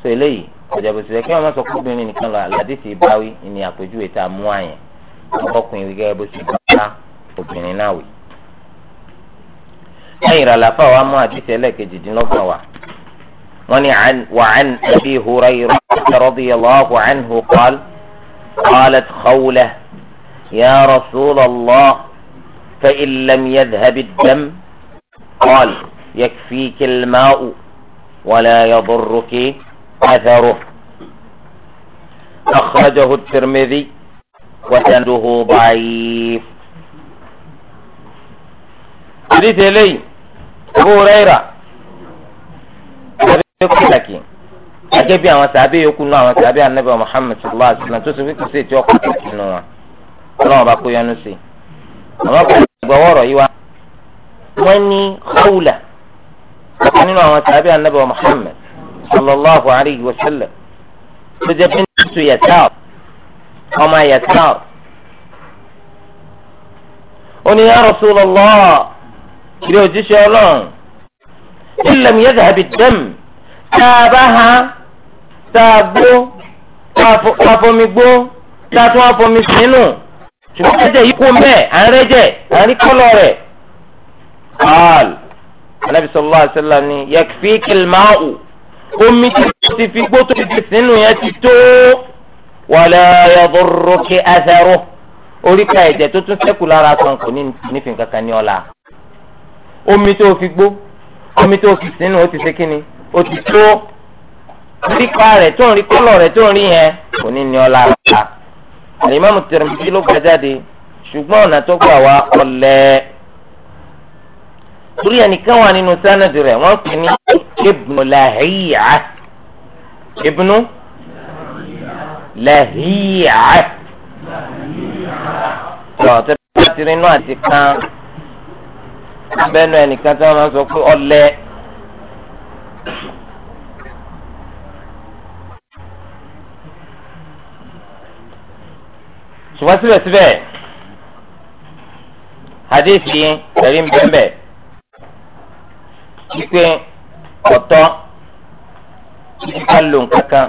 so eléyìí ọ̀jọ̀gbọ̀n ìṣẹ̀lẹ̀ kí wọ́n má sọ pé obìnrin nìkan lọ àládé ti báwí ni àpèjúwe tá a mú àyàn ọkùnrin gẹ́gẹ́ bó ṣe bá obìnrin náà wì. lẹ́yìn rẹ̀ làfà wa mú àdìsẹ́ lẹ́ẹ̀kejìdínlọ́gbọ̀n wa wọ́n ní wàcán abi hurayra radiyallahu anhu qaal qalat khawla ya rasulallah fa in lam yadhhab ad-dam qaal yakfiki al-ma'u wala yadurruki atharuh akhrajahu at-tirmidhi وسنده ضعيف حديث إليه Abu Hurairah àbí pàtàkì gẹ́gẹ́ bí àwọn sàbẹ̀ yòókù náà àwọn sàbẹ̀ anabi Muhammad sallallahu alaihi wasallam tó sọ pé kò sí ètò ọkọ̀ pàtàkì nù wọn ọlọ́wọ́n bá kó yanu sí i àwọn kò gbọ́ wọ́rọ̀ yìí wá wọ́n ní Khawla ọ̀kan nínú àwọn sàbẹ̀ anabi Muhammad sallallahu alaihi wasallam tó jẹ́ bíntu Yasar ọmọ Yasar ó ní ya Rasulullah ìrẹ òjíṣẹ́ Ọlọ́run ilẹ̀ mi yẹ dàbí dẹ́m tá a bá ha tá a gbó tá a fomi gbó tá a tún wá fomi sínú ṣùgbọ́n ẹ̀jẹ̀ yìí kú mẹ́ẹ̀ à ń rẹ́jẹ̀ à ń rí kọ́lọ̀ rẹ̀. qaal anabi sallallahu alaihi wasallam ni yakfikil ma'u omi tí o ti fi gbó tó ti sínú yẹn ti tó wala yadurruki atharuhu oríkà ẹ̀jẹ̀ tó tún sẹ́kù lára kan kò ní nífin kankan ní ọ̀la omi tó fi gbó omi tó fi sínú ó ti ṣe kíni ó ti tó rípa rẹ̀ tó ń rí kọ́lọ̀ rẹ̀ tó ń rí yẹn kò ní ní ọlá rà àlìmọ́mù Tirmidhi ló gba jáde ṣùgbọ́n ọ̀nà tó gbà wá ọ̀lẹ́ torí ẹnìkan wà nínú sánàdì rẹ̀ wọ́n pè ní ibnu làhíyà ibnu làhíyà tọ́ tẹ́lẹ̀ bá ti rí inú àti kan abẹ́nu ẹnìkan tí wọ́n máa ń sọ pé ọlẹ́ ṣùgbọ́n síbẹ̀síbẹ̀ hadithi ẹ̀rí ń bẹ́ẹ̀ wípé ọ̀tọ́ títí ká lo nǹkan kan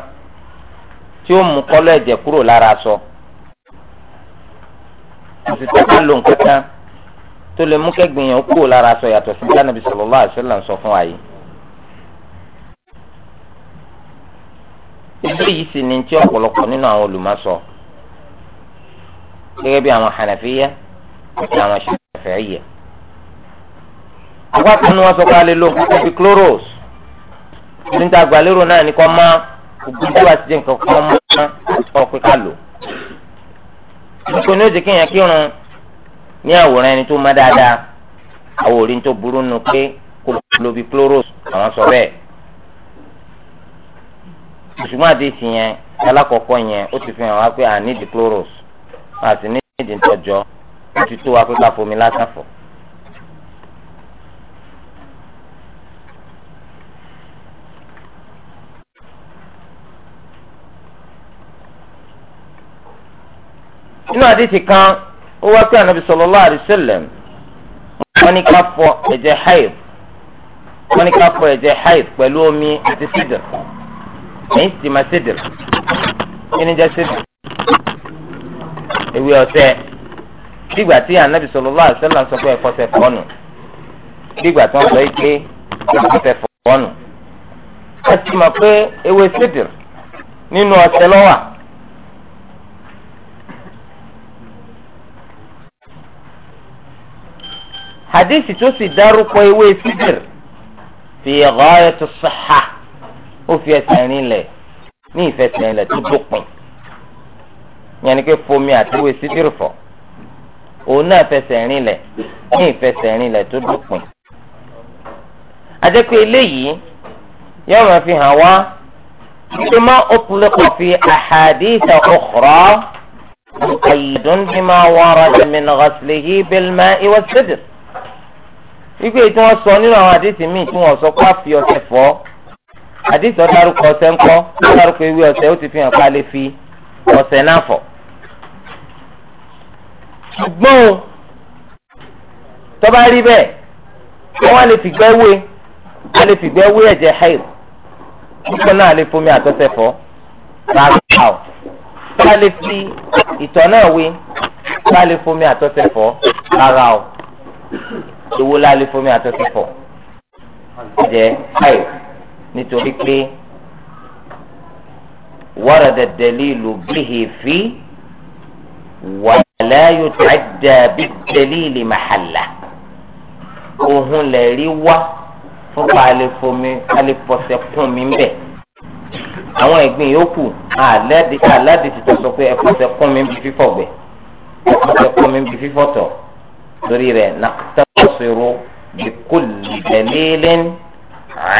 tí ó mú kọ́lọ́ ẹ̀jẹ̀ kúrò lára aṣọ òsì tó ká nǹkan kan. tó lè mú kẹ́gbìyàn kúrò lára sọ yàtọ̀ sí Ànábì sallallahu alaihi wasallam sọ fún wa yìí. ilé yìí sì ni tí ọ̀pọ̀lọpọ̀ nínú àwọn olùmọ̀sọ gẹ́gẹ́ bí àwọn Hànàfíyà àti àwọn Ṣàfi'íyà. àgbà kan ni wọ́n sọ pé a lè lo nǹkan tó fi chloros níta àgbàlérò náà ní ògùn tó bá ti nǹkan ní àwòrán ẹni tó má dáadáa àwọn òrí tó burú nu pé kòlóbi chloros àwọn sọ bẹ́ẹ̀ ṣùgbọ́n àdéhìí yẹn alákọ̀ọ́kọ́ yẹn ó ti fi hàn wá pé à ní di chloros a sì ní ó ti tó wa pé ká fomi lásán fọ̀. nínú kan ó wá pé ànábi sallallahu alaihi wasallam wọ́n ní ká fọ ẹ̀jẹ̀ haid wọ́n ní ká fọ ẹ̀jẹ̀ haid pẹ̀lú omi àti sídìr èyí sì máa sídìr kí ni jẹ́ sídìr ewé ọ̀sẹ̀ dìgbà tí ànábi sallallahu alaihi wasallam sọ pé ẹ̀fọ́sẹ̀ fọ́nù dìgbà tí wọ́n sọ yìí pé ẹ̀fọ́sẹ̀ ẹ sì mọ̀ pé ewé sídìr nínú ọ̀sẹ̀ lọ́wọ́ حديث توسي دارو كويوي فجر في غاية الصحة وفي اثنين لي ني في اثنين لي تبقي يعني كيف فومي عتوي سجر فو ونا في اثنين لي ني في اثنين لي تبقي أجاكي لي يوم في هوا كما أطلق في أحاديث أخرى مقيد بما ورد من غسله بالماء والسدر wípé tí wọ́n sọ nínú àwọn àdìsí míì tí wọ́n sọ pé àfi ọṣẹ fọ̀ àdìsí ó dárúkọ ọṣẹ ńkọ́ ó dárúkọ ewé ọṣẹ ó ti fi hàn pé a lè fi ọṣẹ náà fọ̀. ṣùgbọ́n tó bá rí bẹ́ẹ̀ wọ́n wá lè fìgbẹ́ wé a lè fìgbẹ́ wé ẹ̀jẹ̀ haid púpọ̀ náà lè fomi àtọ́sẹ̀ fọ̀ rárá o tá a lè fi ìtọ̀ náà wé tá a lè fomi àtọ́sẹ̀ fọ̀ rárá o owó lálẹ́ fún mi àtọ́sí pọ̀ jẹ́ five nítorí pé wàràdà dalilu bihi fi wàlá yutadda bi dalili mahalla ohun lè rí wá fún pa àlefomi àlefọsẹ kún mi bẹ àwọn ẹ̀gbin yòókù àládìí àládìí ti tọ sọ pé ẹfọsẹ kún mi bí fífọ̀ gbẹ ẹfọsẹ kún mi bí fífọ̀ tọ̀ torí rẹ̀ nàkítàkọsirò bikulli dalilin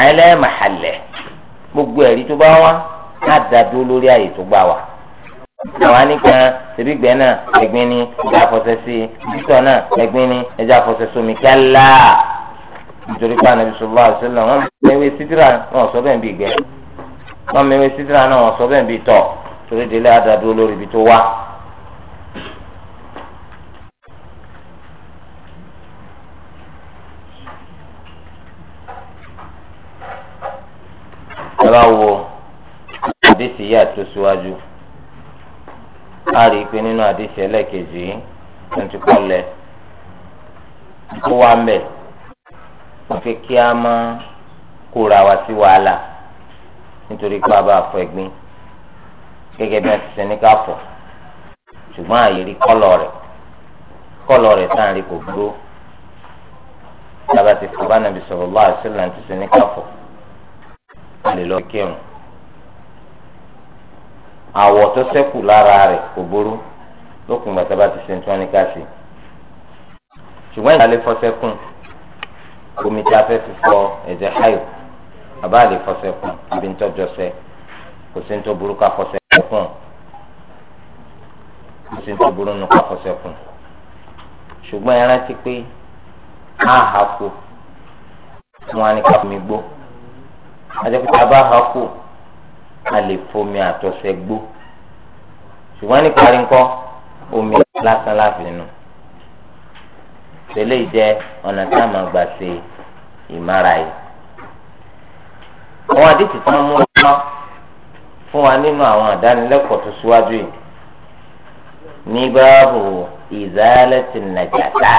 ala mahallihi gbogbo ẹ̀rí tó bá wá á dàdó lórí àyè tó gbà wá. àwọn anìkan ṣèbí gbẹ náà ẹ̀gbin ni ẹja afọṣẹ sí títọ náà ẹ̀gbin ni ẹja afọṣẹ sómi kálá nítorí pé ànábi sallallahu alaihi wasallam wọn mẹwé sídìrà náà sọ bẹ́ẹ̀ bí gbẹ wọn mẹwé sídìrà náà sọ bẹ́ẹ̀ bí tọ̀ torí délé á lórí ibi tó wá. ẹ bá wo àdìsí yìí àti oṣùwájú a rí i pé nínú àdìsí ẹlẹ́ẹ̀kejì yìí ti kọ́ lẹ̀ kó wá mbẹ̀ wọ́n kí a máa kóra wa sí wàhálà nítorí pé a bá fọ ẹ̀gbin gẹ́gẹ́ bí wọ́n ti sẹ́ni ká fọ̀ ṣùgbọ́n àyè rí kọ́lọ̀ rẹ̀ kọ́lọ̀ rẹ̀ sáà rí kò dúró tábà ti fọ bá nàbì sallallahu alaihi wasallam ti sẹ́ni ká fọ̀ a lè lọ kírun àwọ̀ tó ṣẹ́kù lára rẹ̀ kò burú lókun gbàtà bá ti ṣe tí wọ́n ní ká ṣe ṣùgbọ́n ìyá lè fọ́sẹ́kùn omi tí a fẹ́ fi fọ ẹ̀jẹ̀ háyò àbá lè fọ́sẹ́kùn àbí ń tọ́jọ́ sẹ́ kò sí ń tó burú ká fọ́sẹ́kùn kò sí ń tó burú nù ká fọ́sẹ́kùn ṣùgbọ́n ẹ rántí pé áhà kù tí wọ́n á ní ká fomi gbó àdìpọ̀ abáhàkù a lè fomi àtọ̀sẹ̀ gbó ṣùgbọ́n níparí ńkọ́ omi lásán láfi nù tẹ́lẹ̀ jẹ́ ọ̀nà tá a máa gbà ṣe ìmára yìí. àwọn àdìsí tí wọ́n mú wá fún wa nínú àwọn àdánilẹ́kọ̀ọ́ tó síwájú yìí ní báàbò ìzálẹ́tì nàjàtà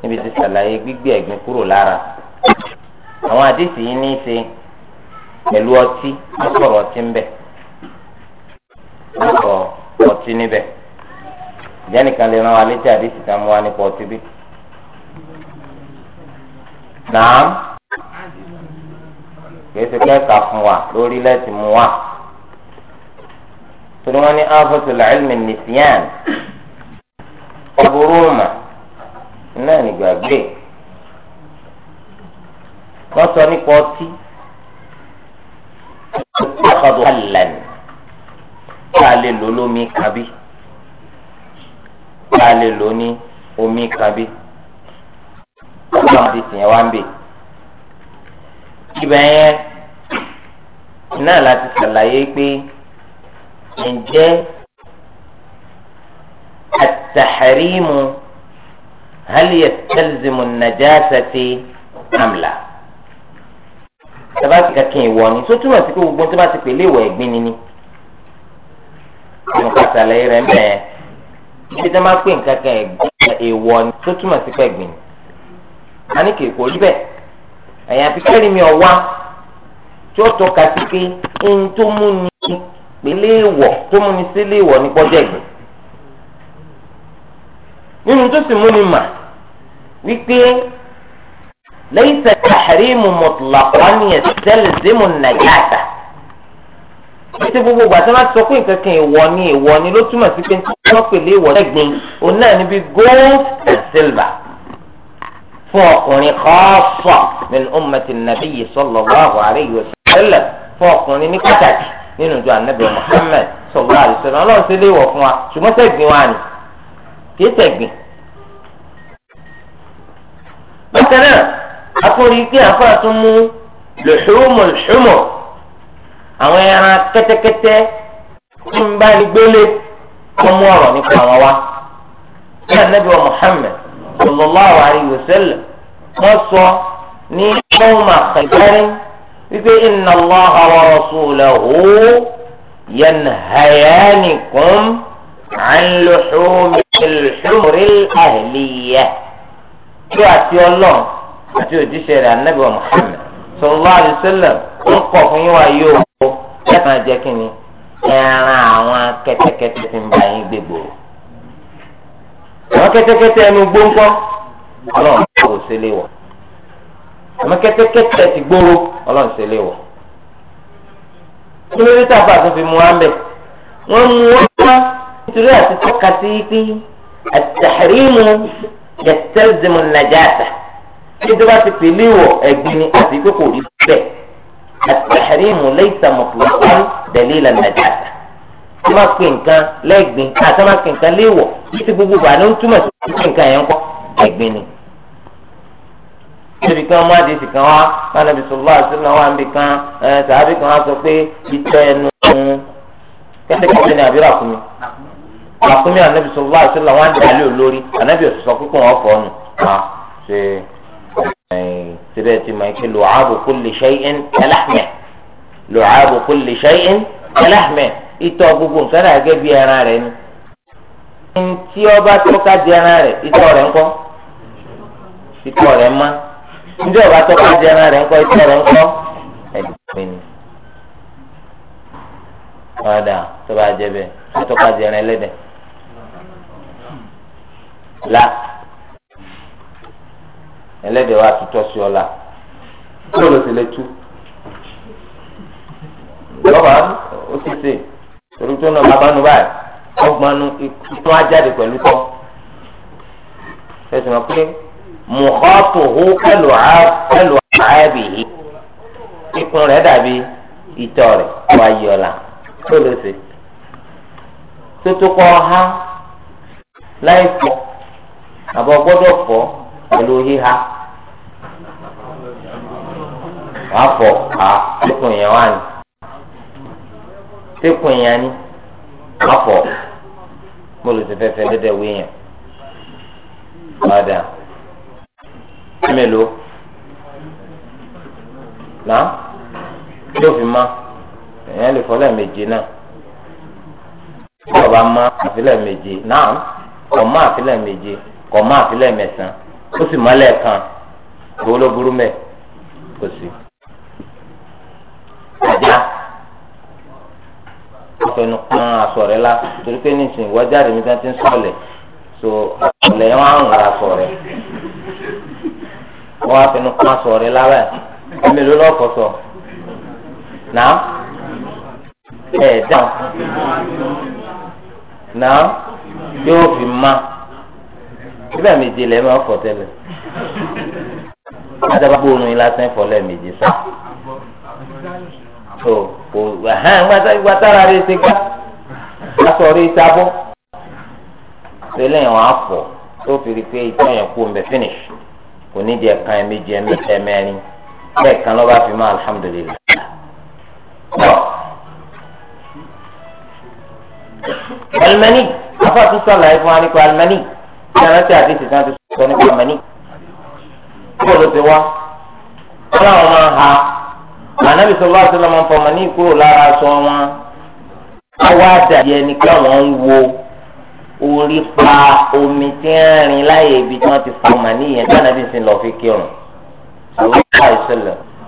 níbi tí sàlàyé gbígbé ẹ̀gbin kúrò lára àwọn àdìsí yìí ní í ṣe pẹ̀lú ọtí wọ́n sọ̀rọ̀ ọtí ń bẹ̀ wọ́n sọ ọtí níbẹ̀ ìjẹ́ nìkan lè ran wa létí àdìsí tá a mú wa nípa ọtí bí. nàá kìí ṣe kẹ́ẹ̀ka fún wa lórí lẹ́tì mú wa torí wọ́n ní áfọ́tò làálùmí nìsíyàn ọ̀bùrùmà náà nígbàgbé. wọ́n sọ nípa ọtí ọkọ̀dọ̀ alẹ́n kí a lè lò lómi kábí kí a lè lò ní omi kábí ọgbà àti tìyẹn wá ń bè ibẹ̀ yẹn náà láti ṣàlàyé pé ǹjẹ́ àtàhárímù hal yastalzimu an-najasati am la. tabasi kankan ìwọ ni tó túmọ̀ sí pé gbogbo tó bá ti pèlè ìwọ ẹ̀gbin ni ni nǹkan àtàlẹ́yìn rẹ̀ ń bẹ̀ ẹ́ ibi tí wọ́n máa pè nǹkan kan ìwọ ni tó túmọ̀ sí pé ẹ̀gbin ni a ní kì í kò rí bẹ́ẹ̀ ẹ̀yìn àti kẹ́rì mi ọ̀wá tí ó tọ́ka sí pé ohun tó mú ni pèlè ìwọ tó mú ni sílé ìwọ ni pọ́jọ́ ẹ̀gbin nínú tó sì mú ni mà wípé. ليس التحريم مطلقا يستلزم النجاسة ti gbogbo ìgbà tí wọn sọ pé nǹkan kan ìwọ ni ìwọ ni ló túmọ̀ sí pé tí wọ́n pè lé ìwọ lẹ́gbìn òun náà níbi gold and silver fún ọkùnrin kọ́ọ̀fọ̀ min ummati nabiyyi sallallahu alayhi wa sẹ́lẹ̀ fún ọkùnrin ní pàtàkì nínú ìjọ anabi muhammed sallallahu alayhi wa sallam ọlọ́run ṣe lé ìwọ fún wa ṣùgbọ́n sẹ́gbìn wa ni kì í sẹ́gbìn. bákan náà akóri pé àfáà tún mú lòṣùmọ̀ lòṣùmọ̀ àwọn ẹran kẹ́tẹ́kẹ́tẹ́ tí ń bá ní gbélé kó mú ọ̀rọ̀ nípa àwọn wa. ní ànábì wa Muhammad sallallahu alayhi wa sallam wọ́n sọ ní ọmọ àkàndẹ́rẹ́ wípé inna Allaha wa rasulahu yanhayanikum an luhumil humril ahliyah. tí wàá ti ọlọ́run. àti òjíṣẹ́ rẹ̀ anabi muhammed sallallahu alayhi ń kọ̀ fún yín wá yóò kó ẹ jẹ́ kí ni ẹran àwọn kẹ́tẹ́kẹ́tẹ́ ti ń bá yín gbégbó àwọn kẹ́tẹ́kẹ́tẹ́ ẹnu gbóńkọ́ ọlọ́run kò wọ̀ kẹ́tẹ́kẹ́tẹ́ ti gbóró ọlọ́run sílé wọ̀ fi mú bẹ̀ wọ́n mú nítorí àti tọ́ka sí ẹni tó bá ti pè léwọ̀ ẹ̀gbin ni àti pé kò rí bẹ́ẹ̀ àtẹ̀hẹ́rìmù lẹ́yìntà mọ̀tòlọ́sán tẹ̀lé ìlànà ìjàdá tí wọ́n pè nǹkan lẹ́gbin àti wọ́n pè nǹkan léwọ̀ títí gbogbo bá ló ń túmọ̀ sí pé nǹkan yẹn ń kọ́ ẹ̀gbin ni. níbi kan wọ́n á di sìkan wá wọn nàbì sọ̀rọ̀ àṣìlẹ̀ wọn àbí kan sàábì kan á sọ pé ìtọ́ ẹnu kẹ́tẹ́kẹ́tẹ́ ni àbí ràkúnmí ràkúnmí ànàbì síbẹ̀ tí mo ké lùcáàbù kúlì ṣẹ́yìn ẹlẹ́hmẹ̀ lùcáàbù kúlì ṣẹ́yìn ẹlẹ́hmẹ̀ ìtọ̀ gbogbo nǹkan náà gẹ́gẹ́ bí ẹran rẹ̀ ni. tí ọba tọ́ka di ẹran rẹ̀ ìtọ̀ rẹ̀ ńkọ́ ìtọ̀ rẹ̀ má ndí ọba tọ́ka di ẹran rẹ̀ ńkọ́ ìtọ̀ rẹ̀ ńkọ́ ẹ̀dùnkùn ni. ọ̀dà tó bá tọ́ka di ẹran ẹlẹ́dẹ̀ la ẹlẹ́dẹ̀ wa tutọ́ sí ọ la kó ló ti lè tú lọ́wọ́ ó sì sè torí tó náà bàbá nu báyìí ọgbọ́n nu ikú ajáde pẹ̀lú tọ́ fẹsùn wọn pé mùkọ́tòhó pẹ̀lú pẹ̀lú àábìyí ikùn rẹ̀ dàbí ìtọ̀ rẹ̀ wá yí ọ la kó ló sè tótó kọ́ ha láì fọ́ àbọ̀ gbọ́dọ̀ fọ́ pẹ̀lú híha wàá fọ̀ ká tẹkùn yẹn wà ní tẹkùn yẹn ní wàá fọ̀ mo ti fẹ́fẹ́ dẹ́dẹ́ wí padà mélòó nà yóò fi má èèyàn lè fọ̀ lẹ́ẹ̀mejì náà tí ọba má àfilẹ̀ méje náà kọ̀ má àfilẹ̀ méje kọ̀ má àfilẹ̀ mẹ́sàn-án ó sì mọ́lẹ̀ kan gbowó ló burú mẹ́ kò sí. ọjà ọ̀fẹ́nu kan aṣọ rẹ̀ la torí pé nísìnyí wọ́n jáde mi ti ń sọ̀lẹ̀ so ọ̀lẹ̀ yẹn wọ́n á ń ra aṣọ rẹ̀ wọ́n á fẹnu kan aṣọ rẹ̀ lára ẹ̀ ẹ̀mí ló lọ́ọ̀kọ̀ sọ náà ẹ̀ dáhùn náà yóò fi máa nígbà méje lẹ́ẹ̀ máa fọ̀ tẹ́lẹ̀ adaba gbóòórùn yín lásán fọ̀ lẹ́ẹ̀méje sá tó kò hàn gbàtà ara rẹ̀ ṣe gbá aṣọ rí sábọ́ tẹ́lẹ̀ wọn á tó fi pé ìtàn yẹn kú mbẹ́ finish kò ní di ẹ̀ka ẹ̀ méje bẹ́ẹ̀ kan lọ́ba fi mọ́ alihamudulilayi. alimani afa tún sọ̀rọ̀ ẹ̀ fún wa bí arántí àdéhùn náà ti sọ nípa mẹ́ni. kúrò ló ti wá wọn làwọn máa ha ànábì sọ wáá sọlá máa ń fọmọ ní kúrò lára aṣọ wọn àwọn àdàdì ẹni pé àwọn ń wo orí pa omi tí ń rin láyé ibi tí wọn ti fọmọ níyẹn tí ànábì sì lọ fi kírun.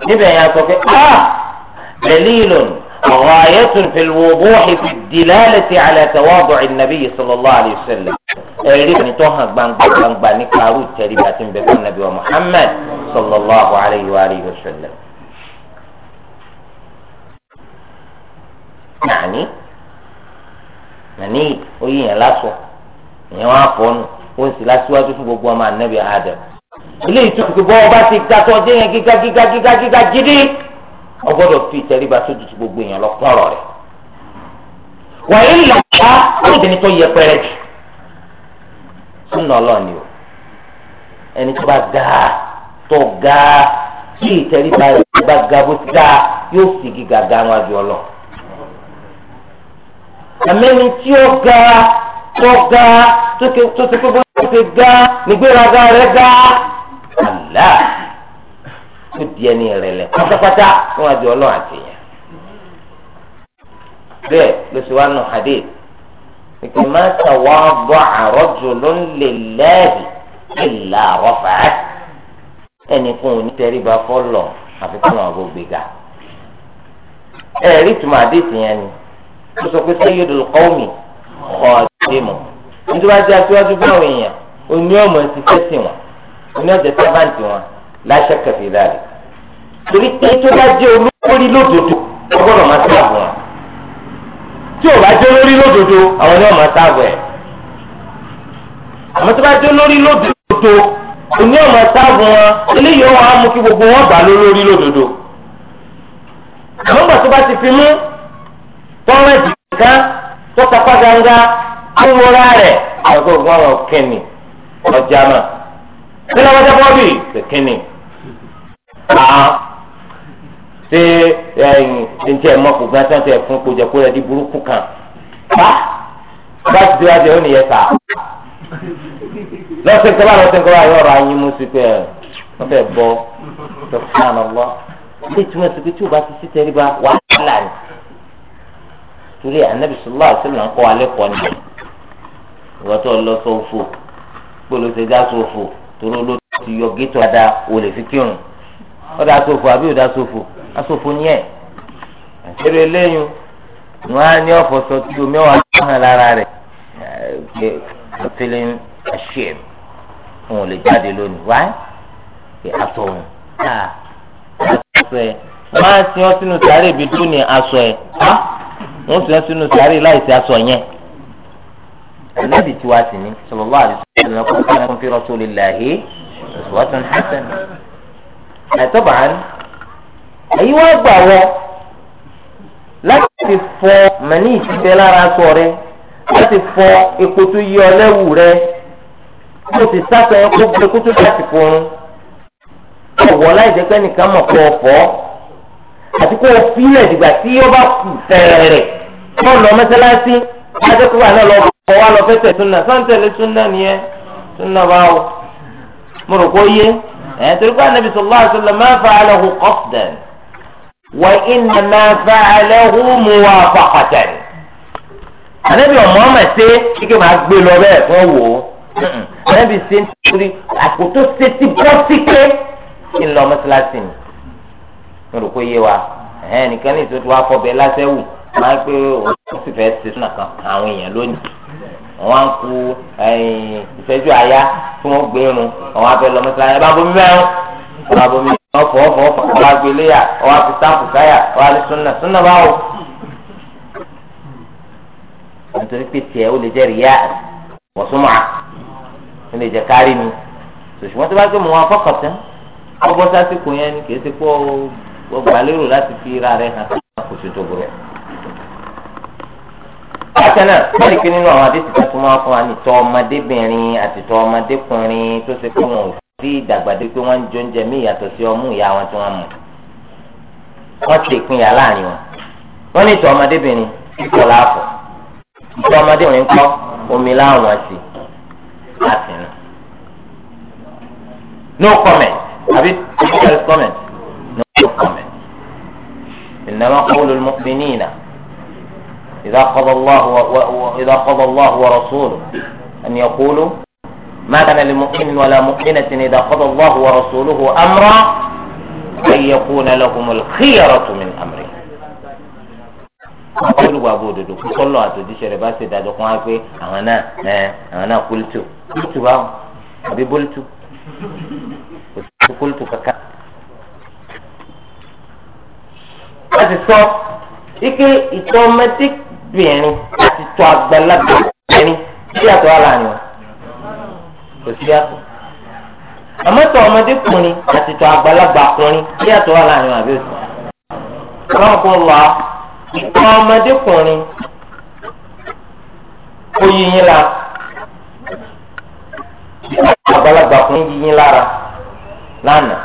níbẹ̀ yẹn a sọ pé ah bẹ̀lí ìlòní. غاية في الوضوح في الدلالة على تواضع النبي صلى الله عليه وسلم ẹ̀rí tó hàn gbangba nípa arú tẹ̀ríba tí ń bẹ fún nàbí wa muhammed sallallahu alayhi wa alihi wa sallam. nàní nàní oyin yẹn lásọ ìyẹn wọn àfọnù ó ń sì lásìwájú fún gbogbo ọmọ anabi adam. ilé ìtọ́jú bọ́ ọ bá ti gbàtọ́ jẹ́yẹn gíga gíga gíga gíga jídí ọgbọ́dọ̀ fi ìtẹríba sójú ti gbogbo èèyàn lọ fún ọ̀rọ̀ rẹ̀ wàyí làbá ọ̀dẹni tó yẹ pẹrẹ jù sínú ọlọ́ọ̀ni o ẹni tó bá ga tó ga kí ìtẹríba rẹ̀ bá ga bó ti ga yóò sì gíga ga wọn àjọ lọ àmẹ́ni tí ó ga tó ga tó ti pé bó ti ga nígbéraga rẹ̀ ga àlá di ẹni ìrẹ̀lẹ̀ pátápátá níwájú Ọlọ́run àtẹyàn bẹ́ẹ̀ ló ṣe wá nù hadith ìpè má tàwáàbọ rajulun lillahi illa rafa'ah ẹnìkan ò ní tẹríba fọlọ àfikún àwọn gbéga ẹ̀rí tùmọ̀ àdéhùn yẹn ni ó sọ pé sayyidul qawmi khadimuhum nítorí wájú aṣíwájú báwọn èèyàn oní ọmọ ti fẹsẹ̀ wọn oní ọ̀jẹ̀ sábàǹtì wọn la shakka fi torí pé tó bá jẹ́ olórí lódodo ó gbọ́dọ̀ máa sáàbù ẹ̀ tí ò bá jẹ́ olórí lódodo àwọn ni wọ́n máa sáàbù ẹ̀ àmọ́ tó bá jẹ́ olórí lódodo òní ọ̀nà sáàbù wọn eléyìí wọn á mú kí gbogbo wọn bà lórí lódodo àwọn ìgbà tó bá ti fi mú tọ́rẹ́ẹ̀tì kan tó sapá ganga awúrá rẹ̀ àwọn tó gbọ́n lọ kínni ọjà náà. Nílẹ̀ wọ́n jẹ́ bọ́ọ̀lì kínni. ṣé eh, ntí ẹ mọ kò gbọ́n tí wọ́n ti ẹ̀ fún kojọkó rẹ̀ di burúkú kan bá bá ti di wájú ẹ̀ ó nìyẹn sà lọ́sẹ̀ nkọ́lá lọ́sẹ̀ nkọ́lá yóò rà yín mú sí pé ẹ̀ eh, wọ́n fẹ́ bọ́ sọ̀tàn ọ̀lọ́ ṣé ìtumọ̀ sí pé tí o bá ti sí tẹ́lẹ̀ bá wàhálà ni torí anabi sọlá àṣẹlẹ̀ ń kọ́ alẹ́ kọ́ ni ìwọ́n tó lọ sọ́fò gbọ́dọ̀ sọ́fò torí olóòtú ti yọ olè fi kírun àbí asòfò ní ẹ̀ àṣírí eléyìn wọn á ní ọ̀fọ̀sọ tí omi wà hàn lára rẹ̀ pé feeling ashamed òun ò lè jáde lónìí wáyé pé aṣọ òun náà aṣọ ẹ wọn á sin ọ sínú sàárè ibi tó ní aṣọ ẹ á wọn sin ọ sínú sàárè láìsí aṣọ yẹn ànábì tí wàá sì ní sallallahu alaihi wasallam kó kí wọn fi rasulillahi uswatun hasana ẹtọ́ bàá ní. èyí wá gbà wọ láti fọ mẹ́ni ìṣiṣẹ́ lára sọ rẹ láti fọ epo tó yí ọ lẹ́wù rẹ kó o sì sáfẹ́ kó gbé kó tó láti fọrun ọ̀wọ́ láì jẹ́ pé nìkan mọ̀ kó fọ́ àti kó o dìgbà tí bá kù tẹ̀rẹ̀ kó o lọ mẹ́sálásí lájọ́ tó wà náà lọ bọ̀ wá lọ fẹ́sẹ̀ nìyẹn mo rò kó yé وإنما فعله موافقة anabi ọmọ ọmọ ẹsẹ kíkẹ máa gbé lọ bẹ́ẹ̀ fún wò ó anabi ṣe ń torí àkótó ṣe ti bọ́ sí pé kí n lọ mọ́ṣáláṣí ni mo rò pé yé wa ẹ̀hẹ́n nìkan ní ìṣòro tí wàá fọ́ bẹ́ẹ̀ máa pé òun sì fẹ́ ṣe sínú àkàn àwọn èèyàn lónìí wọ́n á ku ìṣẹ́jú àyá tí wọ́n gbé irun àwọn abẹ́ lọ mọ́ṣáláṣí ẹ bá bomi mẹ́rin ẹ bá bomi ọfọ ọfọ ọfọ ọwọ agbéléyà ọwọ afitampu káyà ọwọ alisuna suna báwo. nítorí pé tiẹ̀ ó lè jẹ́ ríyà wọ̀súnmọ́ ó lè jẹ́ kárí mi ṣùgbọ́n tó bá gbé mu wọn fọkàntán ọgbọ́ sásìkò yẹn ni kìí ṣe pé ó gbà lérò láti fi ra rẹ̀ hàn kó ṣe dògbò rẹ̀. bákan náà wọ́n rí i nínú àwọn àdéhùn tuntun máa fún wa ní tọ́ ọmọdébìnrin àti tọ́ ọmọdékùnrin tó ṣe pé wọn ò tí ìdàgbàdé pé wọ́n ń jẹ oúnjẹ míì yàtọ̀ sí ọmú ìyá wọn tí wọ́n mú wọ́n ti ìpínyà láàrin wọn wọ́n ní ìtọ̀ ọmọdébìnrin ìtọ̀ láàfọ̀ ìtọ̀ ọmọdébìnrin kọ́ omi láwọn sí láti nù no comment àbí no comment no comment إنما قول المؤمنين إذا قضى الله وإذا قضى الله ورسوله أن يقولوا ما كان لمؤمن ولا مؤمنة إذا قضى الله ورسوله أمرا أن يكون لهم الخيرة من أمره olùwà bòdòdò kó sọlọ àtòjíṣẹ́ rẹ̀ bá ṣe dájọ́ kan á pé àwọn náà ẹ àwọn náà kólítù kólítù báwọn àbí bólítù kò sí kólítù kankan. ti sọ ike ìtọ́ mẹ́tíkì bìnrin àti tọ́ àgbàlagbà bìnrin bí àtọ́ àlàyé wọn kò sí yàtọ̀ àmọ́tọ̀ ọmọdékùnrin àti tọ̀ àgbàlagbà kùnrin kí yàtọ̀ wà láàrin àbí òsì ọlọ́run kò wá ìtọ̀ ọmọdékùnrin kò yí yín la ìtọ̀ àgbàlagbà kùnrin yí yín lára lánàá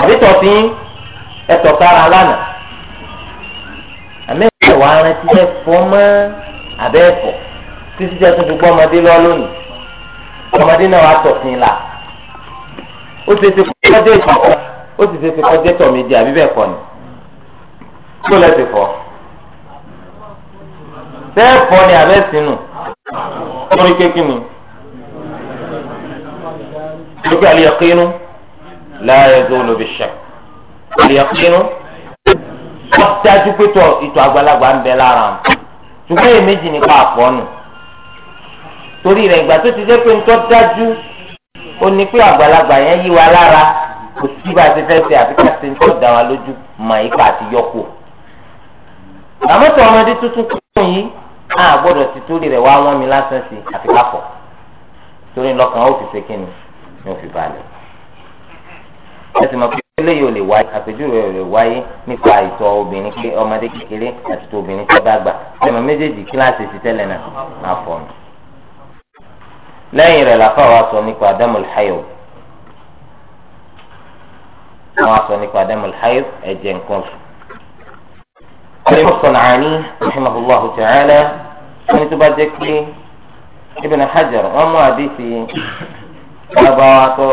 àbí tọ̀ sí ẹ̀tọ̀ sára lánàá àmẹ́wàá rántí ẹ̀fọ́ mọ́ àbẹ́ẹ̀fọ́ títí tẹ̀ tó fi gbọ́ ọmọdé lọ lónìí ọmọdé náà wàá tọ̀ sí i la ó ti ti kọjá ìtọ̀ ó ti ti kọjá ìtọ̀ méjì àbí bẹ́ẹ̀ kọ́ ni kó lẹ́ ti fọ́ bẹ́ẹ̀ fọ́ ni abẹ́ sínú lórí kékin ni lókè àlìyàkínú láàyè tó lóbi ṣak àlìyàkínú wọ́n dájú pé tọ̀ ìtọ̀ àgbàlagbà ń bẹ lára ṣùgbọ́n èméjì nípa àpọ̀ nù torí rẹ̀ ìgbà tó ti jẹ́ pé nǹkan dájú ó ní pé àgbàlagbà yẹn yí wa lára kò sí bá a ti fẹ́ ṣe àfi ká ṣe ń tọ́ da wa lójú mà ipa àti yọkù. àmọ́ tí ọmọdé tuntun kún yìí á gbọ́dọ̀ ti torí rẹ̀ wá wọ́n mi lásán sí àfi káfọ̀ torí lọ́kàn ó fi ṣe kí ni ni ó fi balẹ̀. ẹ sì mọ̀ pé eléyìí ò lè wáyé àpèjúwe ò lè wáyé nípa ìtọ̀ obìnrin pé ọmọdé kékeré àti tó obìnrin tó bá gbà ẹ mọ̀ méjèèjì kíláàsì ti tẹ́lẹ̀ náà máa fọ̀ mi lẹ́yìn rẹ̀ làfà wa sọ nípa adamul hayo wa sọ nípa adamul hayo ẹ̀jẹ̀ nǹkan sùn. ọ̀rẹ́ Musanna'ani rahimahullahu ta'ala wọ́n tó bá jẹ́ pé Ibn Hajar wọ́n mú àdìsí lábáwá tó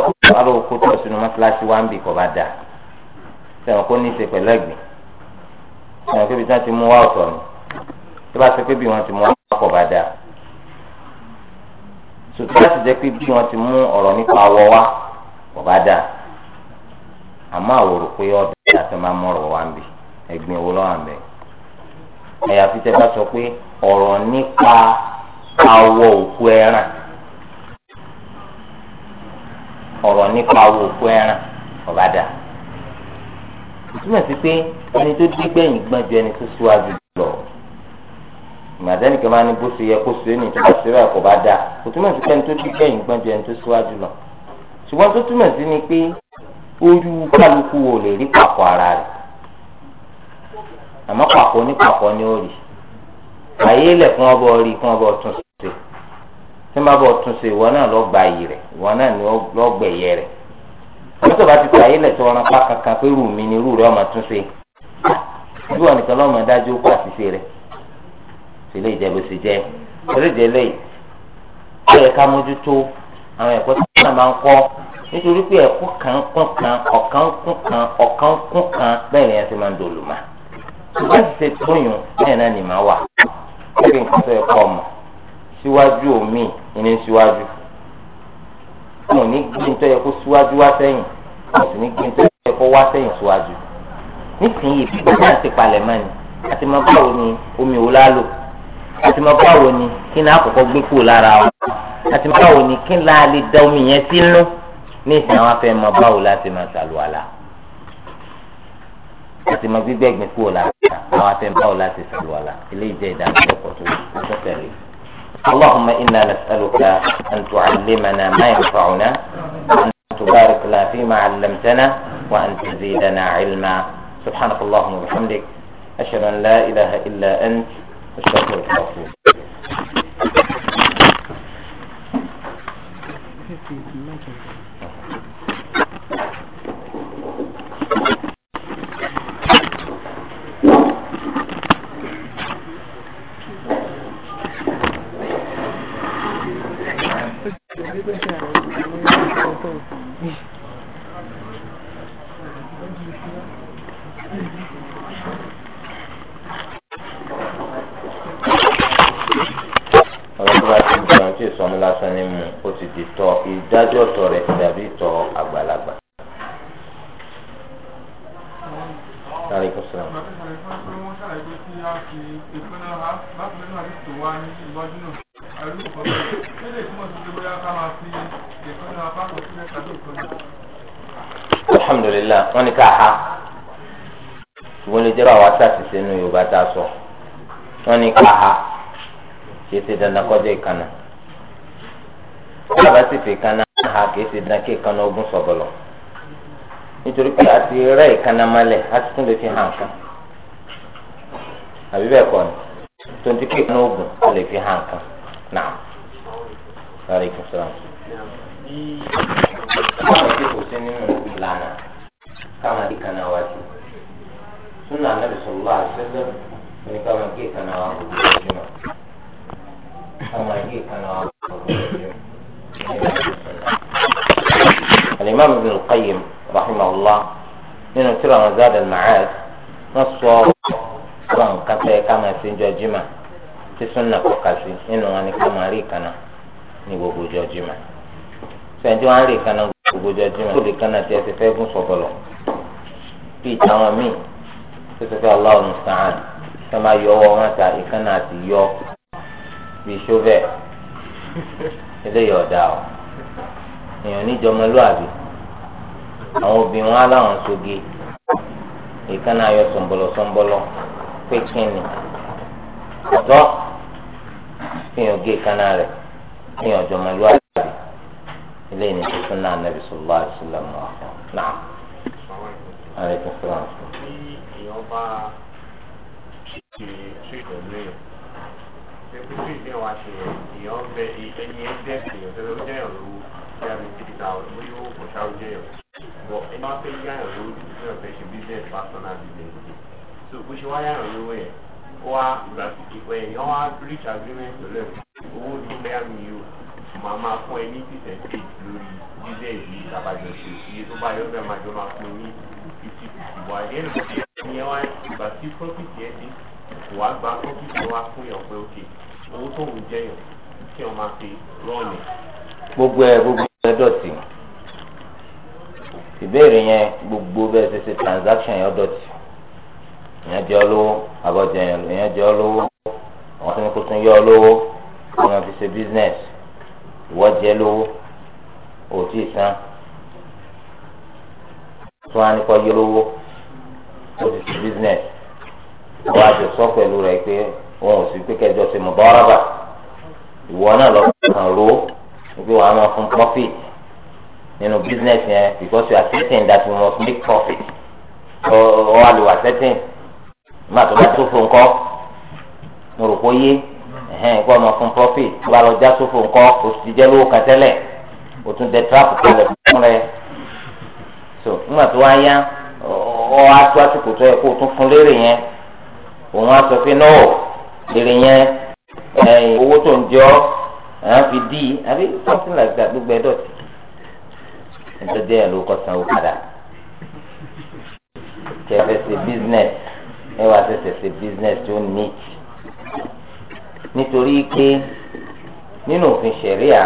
alóòkú tó sínú mọ́tíláṣí wá ń bì kọ́ bá dà sẹ́wọ̀n kó ní í ṣe pẹ̀lú ẹ̀gbìn sẹ́wọ̀n kébi tí wọ́n ti mú wá ọ̀tọ̀ ni tó bá ṣe pé bí wọ́n ti mú wá ọkọ̀ bá dà sòtú láti jẹ́ pé bí wọ́n ti mú ọ̀rọ̀ nípa awọ wa kò bá dáa àmọ́ àwòrò pé ọ̀dọ̀ àti máa mú ọ̀rọ̀ wa ń bì ẹ̀gbìn owó lọ́wọ́ àmì àyàfi tẹ́ bá sọ pé ọ̀rọ̀ nípa awọ òkú ẹran ọ̀rọ̀ nípa awọ òkú ẹran kò bá dáa ìtumọ̀ sí pé ẹni tó dé gbẹ̀yìn gbọ́n ju ẹni tó síwájú lọ. ìgbàdẹ́nì kan ma ní bó ṣe yẹ kó ṣe é ní ìtura ṣe báyìí kò bá dáa kò túmọ̀ sí pé tó dí kẹ́yìn gbọ́n ju ẹni tó síwájú lọ ṣùgbọ́n ni pé ojú kálukú wo lè rí ara rẹ̀ àmọ́ pàkó ní pàkó ni ó àyè ilẹ̀ fún ọbọ̀ rí fún ọbọ̀ tún ṣe náà gba rẹ̀ ìwọ náà ni lọ gbẹ̀yẹ rẹ̀ àmọ́ tó bá ti ilé ìjẹ́bù sì jẹ́ torí ìdílé ó yẹ ká mójútó àwọn ẹ̀kọ́ tí wọ́n máa ń kọ́ nítorí pé ẹ̀kọ́ kan kún kan ọ̀kan kún kan ọ̀kan kún kan bẹ́ẹ̀ ni ẹ ti máa ń dolùmá wọ́n ti ṣe tóyún bẹ́ẹ̀ náà ni màá wà lórí nǹkan tó yẹ kọ́ ọmọ síwájú omi ìní síwájú wọn ò ní gbé tó yẹ kó síwájú wá sẹ́yìn wọn ò sì ní gbé tó yẹ kó wá sẹ́yìn síwájú nísìnyí bí wọ́n ti palẹ̀ mọ́ ni àti máa báwo ni omi ò lálò àti máa báwo ni kí ni àkọ́kọ́ gbé kúrò lára wa àti máa báwo ni kí ni a lè da omi yẹn sínú ní ìsìn àwọn afẹ́ máa báwo láti máa ṣàlùwàlà àti máa gbígbẹ́ gbin kúrò lára àwọn afẹ́ báwo láti ṣàlùwàlà eléyìí jẹ́ ìdánilẹ́kọ̀ọ́ tó tó tẹ̀lé. اللهم إنا نسألك أن تعلمنا ما ينفعنا وأن تبارك لنا فيما علمتنا وأن تزيدنا علما سبحانك اللهم وبحمدك أشهد أن لا إله إلا أنت Estağfurullah. Thank you. tí ìsọnù lásán ní mu O ti di tọ ìdájọ́ tọ rẹ̀ ti dàbí tọ àgbàlagbà. Aleykum salaam. alhamdulilayi wọ́n ní ká ha ṣùgbọ́n lè jẹ́rọ àwọn aṣáṣiṣẹ́ nínú yorùbá tá a sọ wọ́n ní ká ha ṣe é ṣe dandan kọjá ìkànnà. bàbá sì fi kaná ha kìí ṣe kaná ogun sọ̀bọ̀lọ̀ nítorí pé a ti rẹ́ ìkaná malẹ̀ a ti tún lè fi hàn kan àbí bẹ́ẹ̀ kọ́ ni tó ń ti kaná ogun a lè fi hàn kan náà sáré kí sọ̀rọ̀. kò sí nínú ìlànà káwọn kaná sọ̀rọ̀ alimami bin qayyim rahimahullah nínú tí wọn zá dàn màcáàd wọn sọ wọn kàtẹ kàmá sí jọjúmọ tí súnà kọkà sí nínú wọn ni kàmá rí kaná ní gbogbo jọjúmọ sẹńtì wọn rí kaná gbogbo jọjúmọ tó lè kaná tí ẹ ti fẹ́ gún sọgbọlọ bíi táwọn míì tó ti fẹ́ Allahu musta'an sọ ma yọ ọwọ́ wọn ta ìkànnà àti yọ bíi sóbẹ eléyìí ọ̀dà o èèyàn níjọ ọmọlúwàbí àwọn obìnrin wọn aláwọn soge èèkàn náà yọ sọ̀nbọ̀lọ̀ sọ̀nbọ̀lọ̀ pé kí ni ọ̀tọ̀ fihàn gé èèkàn náà rẹ̀ fihàn ọjọ́ ọmọlúwàbí eléyìí ní tuntun náà nàbì sọ̀rọ̀ láti sílẹ̀ mọ́ náà. Ààrẹ tó so bó ṣe wá yàrá lówó yẹn wá ìgbà ìpè yẹn wá reach agreement pẹ̀lú ẹ̀ owó ní bẹ́ẹ̀ mi yóò máa máa fún ẹ ní percentage lórí jíjẹ́ ìlú ìtàbàjọ ṣe iye tó bá yọ bẹ́ẹ̀ máa jọ máa fún ní fifty fifty wà ní ẹnu ìyẹn wá ìgbà tí profit yẹn dé kò wá gba fún yàn pé okay owó tó wù jẹyàn kí wọn máa gbogbo ẹ gbogbo ẹ dọ̀tí ìbéèrè yẹn gbogbo bẹ́ẹ̀ ṣe ṣe transaction yẹn dọ̀tí ìyẹn jẹ́ olówó àbọ̀jẹ̀ ìyẹn jẹ́ olówó àwọn tó ní kó tún yọ olówó kí wọ́n fi ṣe business ìwọ́ jẹ́ lówó ò tí ì san tún yọ olówó ó ti business wọ́n á jọ sọ pẹ̀lú rẹ̀ pé wọn ò sì pé kẹjọ sí mọ̀báraba ìwọ náà lọ kàn ró wípé wàá máa fún profit nínú business yẹn because you are certain that you must make profit ọ wà lè wà certain má tó bá tó fún nǹkan mo rò pé yé ẹhẹn kó ọmọ fún profit tó bá lọ já sófò nǹkan o ti jẹ lówó kan tẹ́lẹ̀ o tún tẹ trap kalẹ̀ fún rẹ so nígbà tó wá yá ọ wá tó àsìkò tó yẹ kó o tún fún lérè yẹn òun á sọ pé náà èrè yẹn owó tó ń jọ àwọn fi dí àbí something like that gbogbo ẹ dọ̀tí ẹjọ́ díẹ̀ ló kọ́ sanwó padà kẹfẹ́ ṣe business ẹ wá ṣẹ̀ṣẹ̀ ṣe business tó neat nítorí pé nínú òfin ṣẹ̀ríà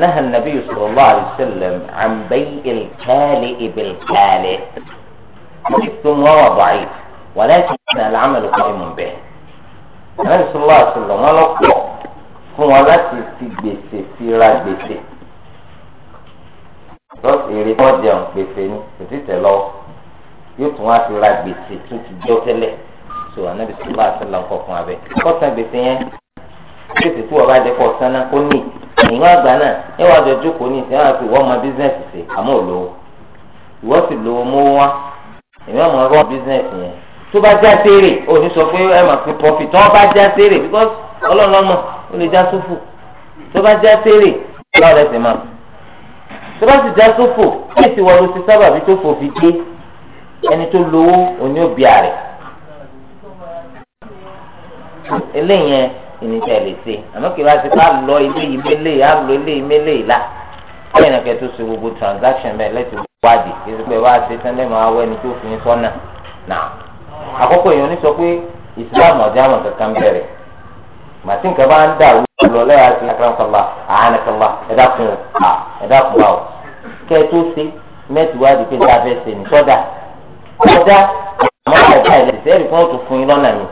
nahan nabi sallallahu alayhi wa sallam an bay'il kali ibil kali tó mú ọ̀rọ̀ báyìí wàlẹ́kì náà làmàlù kọ́ni mú bẹ́ẹ̀. ànábì sọlá àṣìlọ wọn lọ pọ̀ fún wọn láti fi gbèsè fi ra gbèsè. lọ́sì èrè tí wọ́n jẹun gbèsè ni kò sí tẹ̀ lọ́wọ́ yóò tún wá fi ra gbèsè tó ti jẹ́ tẹ́lẹ̀ so ànábì sọlá àṣìlọ ń kọ́ fún abẹ. kọ́sán gbèsè yẹn gbèsè tí wọ́n bá jẹ́ kọ́ sánná kó ní ìwọ̀n àgbà náà ẹ wá jọ jókòó ní ìsìn àwọn àti ìwọ́n ọmọ bísíǹsì ṣe àmọ́ òlówó ìwọ́n sì lówó mówó wá ìwọ́n ọmọ rọ́ọ̀ bísíǹsì yẹn tó bá já sérè ò ní sọ pé ẹ máa fi profit tó bá já sérè because ọlọ́run lọ́mọ ó lè já sófò tó bá já sérè ọlọ́run rẹ̀ sì máa tó bá sì já sófò kí èsì wọ́n ló ti sábàbí tó fò fi dé ẹni tó lówó òní òbí àrẹ̀ eléyẹn ìníṣẹ́ lè ṣe àmọ́ kí wá sí ká lọ ilé yìí mélé yìí á lọ ilé yìí mélé yìí la bẹ́ẹ̀ náà kẹ́ tó ṣe gbogbo transaction bẹ́ẹ̀ lẹ́tì wádìí kí ẹ ti pẹ́ wá ṣe tán lẹ́nu awọ ẹni tó fi ń sọ́nà náà. àkọ́kọ́ èèyàn ní sọ pé islam ọ̀já àwọn kankan bẹ̀rẹ̀ màtí nǹkan bá ń dà wú lọ lẹ́yà sí akarankala ẹ̀dá kun à ẹ̀dá kun àwọ̀ kẹ́ ẹ tó ṣe mẹ́tì wá di pé ní abẹ́ ṣe ní sọ́dà sọ́dà àmọ́ ẹ̀dá ilẹ̀ ìṣẹ́rì kan tó fún yín lọ́nà mi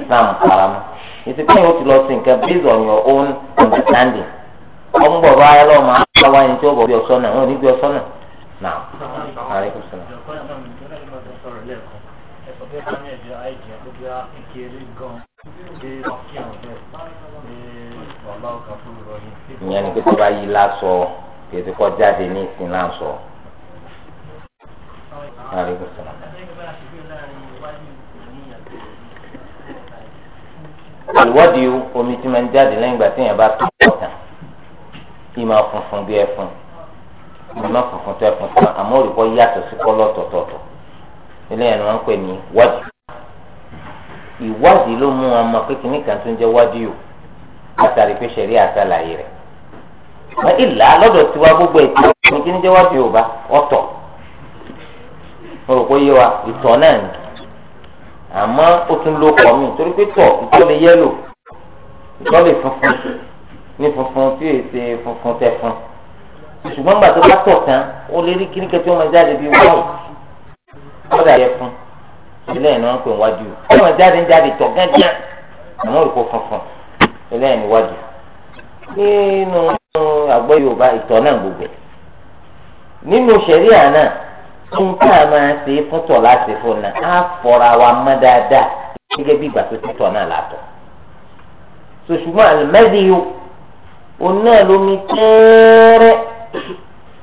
islam karama ìsìnkú yóò ti lọ sí nǹkan based on your own understanding ọmọ bọ̀ máa pé dání ẹ̀jẹ̀ àìjẹ́ tó bí a kékeré gan dé ọkàn bẹ́ẹ̀ ní ọ̀la ọ̀gá tó lọ yìí. ìyẹn ni pé tó bá yí lásọ kèsì kọ́ jáde ní omi tí máa ń jáde lẹ́yìn ìgbà tí èèyàn bá tó ọ̀tàn kí funfun bí ẹfun kí funfun tó ẹfun fún àmọ́ òrìkọ́ yàtọ̀ sí kọ́lọ́ tọ̀tọ̀tọ̀ eléyàn ni wọ́n ń pè ní wájú ìwádìí ló mú wọn mọ pé kìnnì kan tó ń jẹ́ wájú yòó látàrí pé sẹ̀rí àtàlàyé rẹ̀ wọ́n ìlà lọ́dọ̀ tiwa gbogbo ètò ìpín kìnnì jẹ́ wájú yòó bá ọ̀tọ̀ mo rò pé yé wa ìtọ̀ náà ni àmọ́ ó tún ló pọ̀ mí torí pé tọ̀ ìtọ̀ lè yẹ́lò ìtọ̀ lè funfun ní funfun tí èyí ṣe funfun tẹ̀ fun ṣùgbọ́n gbà tó bá tọ̀ tán ó lè rí kíníkẹ́ tí wọ́n máa jáde bíi wáyé. kódà yẹ fún eléyìí ni wọ́n pè wájú ẹ wọ́n jáde jáde tọ̀ gángan funfun eléyìí ni wájú nínú àgbọ̀ Yorùbá ìtọ̀ náà gbogbo ẹ̀ nínú sẹ̀ríà náà a máa ṣe fún tọ̀ láti fún náà á fọra wa mọ́ dáadáa gẹ́gẹ́ bí ìgbà tó ti tọ̀ náà tẹ́ẹ́rẹ́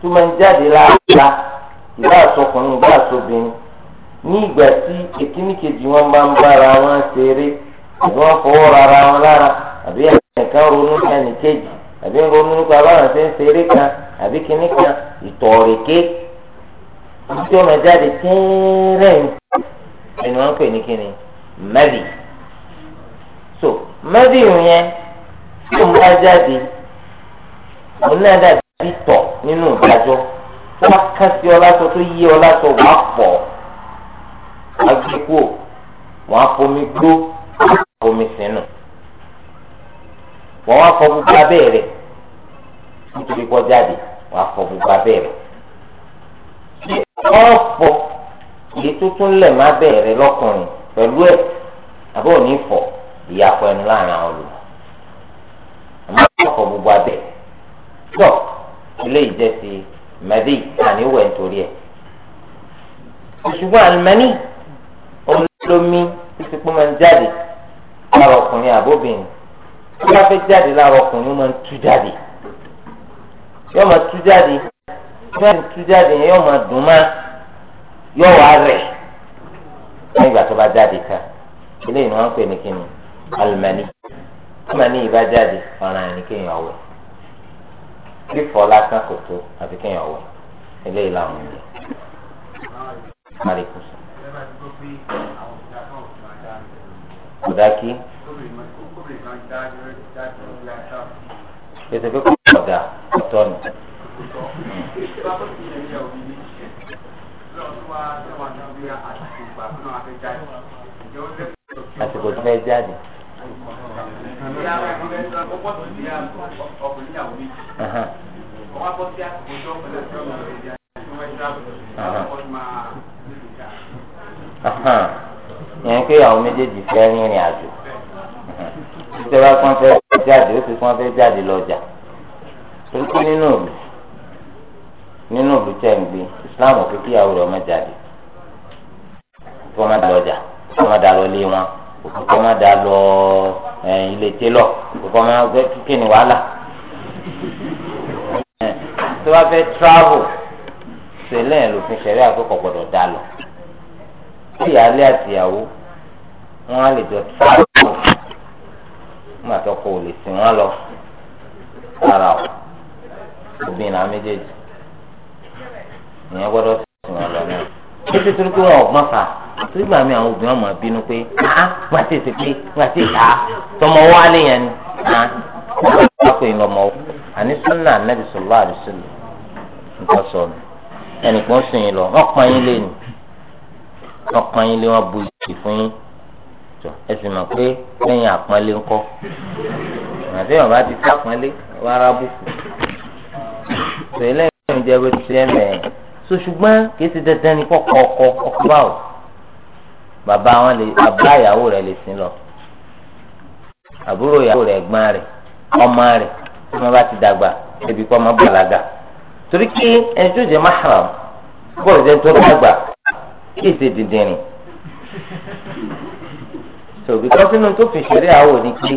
tó máa ń jáde láàbá ní ìgbà tí èkíní kejì wọn bá ń bára wọn ṣeré àbí wọn fọwọ́ rárá wọn lára àbí ẹnìkan ronú ní ẹnìkejì àbí ń ronú nípa báwọn ṣe ń ṣeré kan àbí kíní kan ìtọ̀ọ̀rẹ̀kẹ́ tí wọn jáde tẹ́ẹ̀rẹ̀ ẹni wọn pè ní kíni mẹ́bì so mẹ́bì yẹn tí wọn bá jáde òun náà dàbí tọ̀ nínú ìdájọ́ wọn kásí ọlá tó tó yí ọlá tó wà pọ̀. agbẹ́kú wọn afomi gbó afomi sínú wọn wá fọ gbogbo abẹ́ rẹ̀ nítorí kọ́ jáde wọn afọ gbogbo abẹ́ rẹ̀ ṣé ọ̀fọ̀ èyí tó tún lẹ̀ má bẹ́ẹ̀ rẹ̀ lọ́kùnrin pẹ̀lú ẹ̀ àbí òní fọ̀ ìyàpọ̀ ẹnu láàrin àwọn olùkọ́ àmọ́ ọ̀fọ̀ gbogbo abẹ́ tọ́ ilé ìjẹ́sí mẹ́bí àníwẹ̀ nítorí ẹ̀ ṣùgbọ́n àlùmẹ́nì lómi títí pé máa ń jáde lára ọkùnrin àbóbìnrin tó bá fẹ́ jáde lára ọkùnrin ó máa ń tú jáde yóò máa tú jáde yóò máa tú jáde yóò máa dùn má yóò wá rẹ̀ lẹ́yìn ìgbà tó bá jáde ká eléyìí ni wọ́n ń pè ní kíni alùmọ́nì alùmọ́nì ìbá jáde ọ̀ràn ẹ̀ ní kéèyàn wẹ̀ fífọ̀ lásán kò tó àti kéèyàn wẹ̀ eléyìí làwọn ń lò kódà kí. pèsè pé kò kọ̀dà ọ̀tọ̀ nù. àsìkò tí wọ́n jáde. Uh-huh yẹn pé àwọn méjèèjì fẹ́ rìnrìn àjò ìṣẹ́wá kan fẹ́ jáde ó sì kan fẹ́ jáde lọ́jà torí pé nínú òbí nínú òbí tẹ̀ ń gbé Islam ò fi kí ìyàwó rẹ̀ ọmọ jáde kí wọ́n má da lọ́jà kí wọ́n má da lọ lé wọn kí wọ́n má da lọ ilé télọ̀ kí wọ́n má gbé kíkì ní wàhálà tí wọ́n fẹ́ travel ṣẹlẹ̀ lòfin ṣẹlẹ̀ àkókò gbọ́dọ̀ dá lọ. ìyáálé àtìyàwó wọn á lè jọ tààrà kù nígbà tó wọn lọ o obìnrin àwọn méjèèjì ìyẹn gbọ́dọ̀ wọn lọ náà títí tó kí wọn ọgbọ́n fà torí gbà àwọn obìnrin ọmọ bínú pé ah gbà tètè pé gbà tètè ah tọmọ wálé wọn lọmọ wọn àní sunna anabi nǹkan sọ sìn lọ wọn yín lé ọkàn yín lé wọn bu ìsì fún yín ẹ sì mọ̀ pé lẹ́yìn àpọ́nlé ńkọ́ àti bàbá ti ká àpọ́nlé rárá bùkù tó eléyìí ń jẹ́ bó ti ṣe mẹ́ẹ̀ so ṣùgbọ́n kì í ti dandan ní kọ́kọ́ ọkọ ọkọ báwò bàbá wọn lè bàbá ìyàwó rẹ̀ lè sin lọ àbúrò ìyàwó rẹ̀ ẹ̀gbọ́n rẹ̀ ọmọ rẹ̀ tí wọ́n bá ti dàgbà ẹbí kọ́ ọmọ bàlágà torí kí ẹni tó jẹ́ mahram bọ́ọ̀lù jẹ́ tó dàgbà kí èsè dídín rìn so bíkọ́ sínú tó fi ṣeré àwọ̀ ni pé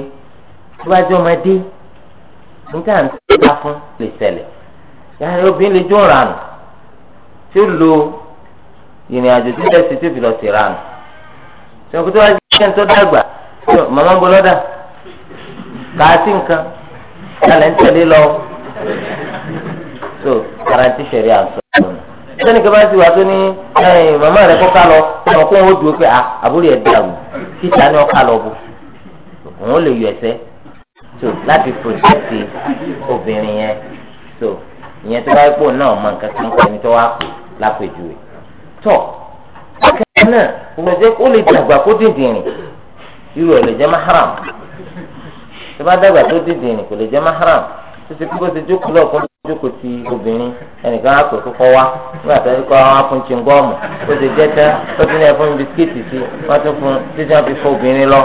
tó bá jẹ́ ọmọdé níta ń sá fún lè ṣẹlẹ̀ yàrá obìnrin lè jó ràn tí ó lo ìrìn àjò tí lẹ́sì tó fi lọ sí ràn sọ pé tó bá jẹ́ tó dàgbà màmá ń bọ́ lọ́dà kàásì nǹkan kálẹ̀ ń tẹ̀lé lọ so ara ti ṣẹ̀rí àǹsọ̀ lónìí sẹ́ni kí a bá ti wà tó ní màmá rẹ̀ kó ká lọ ọmọ kó wọn ó dúró pé ah, àbúrò ẹ̀ dàrú títa ni ó ká lọ bù òun ó lè yọ ẹsẹ̀ tó láti pòtẹ́tì obìnrin yẹn tó ìyẹn tó bá yẹ kó náà mọ nǹkan kan kọ́ ẹni tó wá lápèjúwe tó bákan náà ìrọ̀jẹ́ ó lè dàgbà kó dìndìnrín irú ẹ̀ lè jẹ́ mahram tó bá dàgbà tó dìndìnrín kò lè jẹ́ mahram tó ti kú bó ti jókòó lọ́kùnrin jókòó ti obìnrin ẹnìkan á pè kókó wá nígbà tó ń kọ́ wá fún chingọ́ọ̀mù ó ti jẹ́ tán ó ti ní ẹ fún bisikíìtì sí wọ́n tún fún títí wọ́n fi fún obìnrin lọ.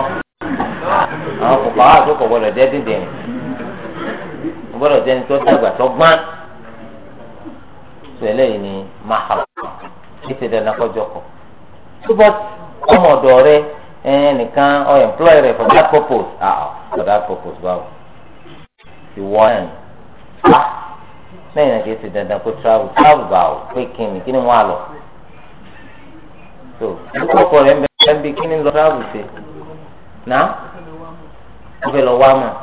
àwọn kòkó àwọn àtòkò gbọdọ̀ jẹ́ dídìrín gbọdọ̀ jẹ́ ní tó dàgbà tó gbọ́n tó eléyìí ni mahara kí ti dandan kọjọ kọ. túbọ̀ ọmọ ọ̀dọ̀ rẹ ẹnìkan ọ ẹ̀mplọ́ì rẹ for that purpose ah for that purpose báwo ìwọ ẹ̀ ń pa lẹ́yìn náà kì í ṣe dandan kó travel travel bá o pé kí ni kí ni wọ́n á lọ. so ìlú ọkọ rẹ̀ ń bẹ ń bí kí lọ travel ṣe ná ó fẹ́ lọ wá mọ̀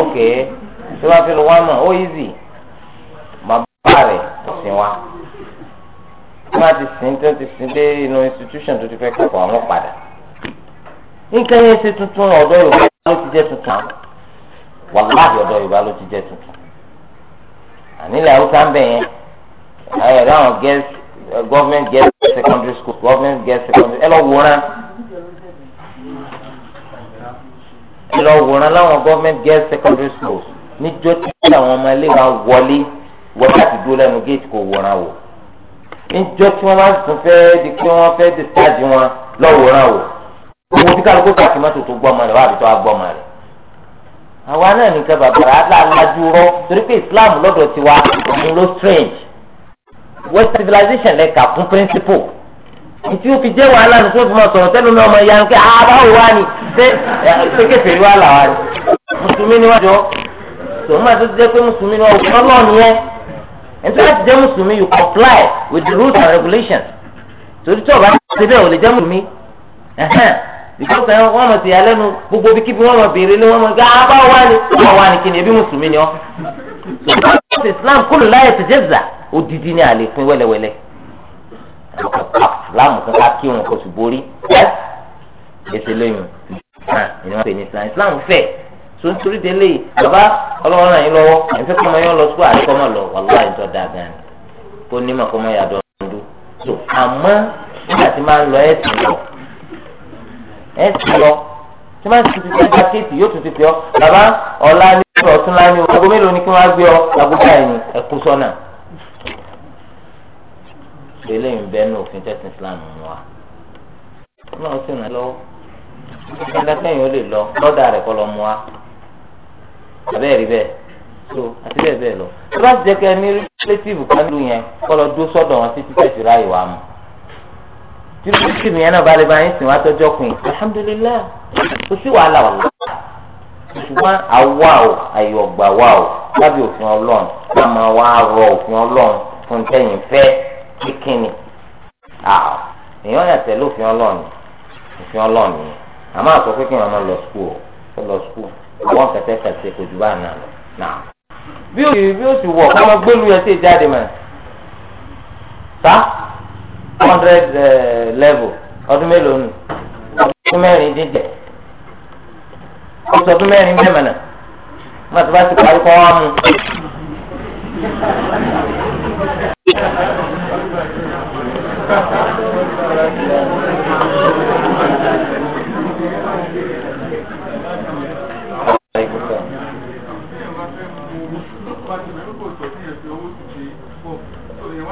ok tó bá fẹ́ lọ wá mọ̀ ó easy bàbá rẹ̀ kò sí wa tí wọ́n ti sìn tó ti sìn dé inú institution tó ti fẹ́ kọ́kọ́ àwọn padà nǹkan yẹn ṣe tuntun ọ̀dọ́ Yorùbá ló ti jẹ́ tuntun wàláhì ọ̀dọ́ Yorùbá ló ti jẹ́ tuntun ànílẹ̀ haúsá ń bẹ̀ yẹn ẹ̀rọ àwọn girls government girls secondary school government girls secondary ẹ lọ wòran ẹ lọ wòran láwọn government girls secondary school níjọ́ tí àwọn ọmọ ilé wa wọlé wọlé àti dúró lẹ́nu géètì kò wòran wò níjọ́ tí wọ́n bá tún fẹ́ di pé wọ́n fẹ́ discharge wọn lọ wòran wò owó tí kálukú kàtí mọ́tò àwa náà nìkan bàbàrà aláàlájú rọ torí pé islam lọ́dọ̀ tiwa òun ló strange west civilization lè kà fún principle ìtí ó fi jẹ́ wàhálà ní tó fi máa sọ̀rọ̀ tẹ́lómi ọmọ ìyá nǹkẹ́ àbáwò ah, wá ni ṣé kékeré wà là wá ni mùsùlùmí ni wọ́n jọ tòun máa tó ti jẹ́ pé mùsùlùmí ni wọ́n kọ́ lọ́ọ̀ nìyẹn ẹni tó bá ti jẹ́ mùsùlùmí you comply with the rules and regulations torí tí ọba ti bẹ́ẹ̀ ò lè jẹ́ mùsùlùmí ìjọba yẹn wọn mọ sí ya lẹ́nu gbogbo bí kíbi wọn mọ béèrè ni wọn mọ gá abá wa ni wọn wà ní kíni ebi mùsùlùmí ni ọ. sọfọ́n islam kúlù láyé ti jẹ́zà odidi ni àlè fún wẹ́lẹ́wẹ́lẹ́. islam kankan kí wọn kò sì borí ẹsẹ lẹ́yìn ìní wọn pè ní islam islam fẹ́ so nítorí délé yìí bàbá ọlọ́run náà yín lọ́wọ́ ẹ̀ ń fẹ́ kọ́mọ yọ lọ sukú àti kọ́mọ lọ wàlúwà ìjọ dàgbà ni kó ní mọ̀ kọ́mọ yàdọ̀ ọ̀dọ́ so àmọ́ nígbà tí máa ń lọ ẹ̀sìn lọ ẹ ti lọ tí máa ń ti ti ta kéètì yóò tún ti pè ọ bàbá ọ̀la ní ọ̀rọ̀ ọ̀tún lá ní aago mélòó ni kí wọ́n á gbé ọ aago báyìí ni ẹ kú sọ́nà. ìṣẹ̀lẹ̀ yìí bẹ́ẹ̀ ní òfin tẹ́sán Islam mú wa náà sì ràn lọ́wọ́ ìdánilẹ́kẹ̀yìn ó lè lọ lọ́dà rẹ̀ kọ́ lọ mú wa àbẹ́ẹ̀ rí bẹ́ẹ̀ so àti bẹ́ẹ̀ bẹ́ẹ̀ lọ tó bá jẹ́ kẹ́ ní rélétíìfù kan lù yẹn kọ́ lọ dúró sọ́dọ̀ wọn títí tẹ̀síra ìwà mu tí bíríkì nìyẹn náà bá lè bá yín sìn wá tọ́jọ́ pin alhamdulilayi kò sí wàhálà wà lọ. ṣùgbọ́n àwa o àyọ̀gbà wa o lábẹ́ òfin ọlọ́run ká máa wá rọ òfin ọlọ́run fún tẹ̀yìn fẹ́ kíkínni. èèyàn yà tẹ̀lé òfin ọlọ́run òfin ọlọ́run yẹn àmọ́ àsọ pé kí wọ́n máa lọ skul o lọ skul àwọn kẹtẹ kẹtẹ kò jù bá náà lọ. bí o sì wọ̀ ká máa gbẹ́lu ẹ̀ sí ìjáde mọ́ hundred eh, level ọdún mélòó nù ọdún mẹ́rin dídẹ̀ ọsọ ọdún mẹ́rin mẹ́mẹ́nà má ti bá ti parí kọ́ wá mu. Thank you.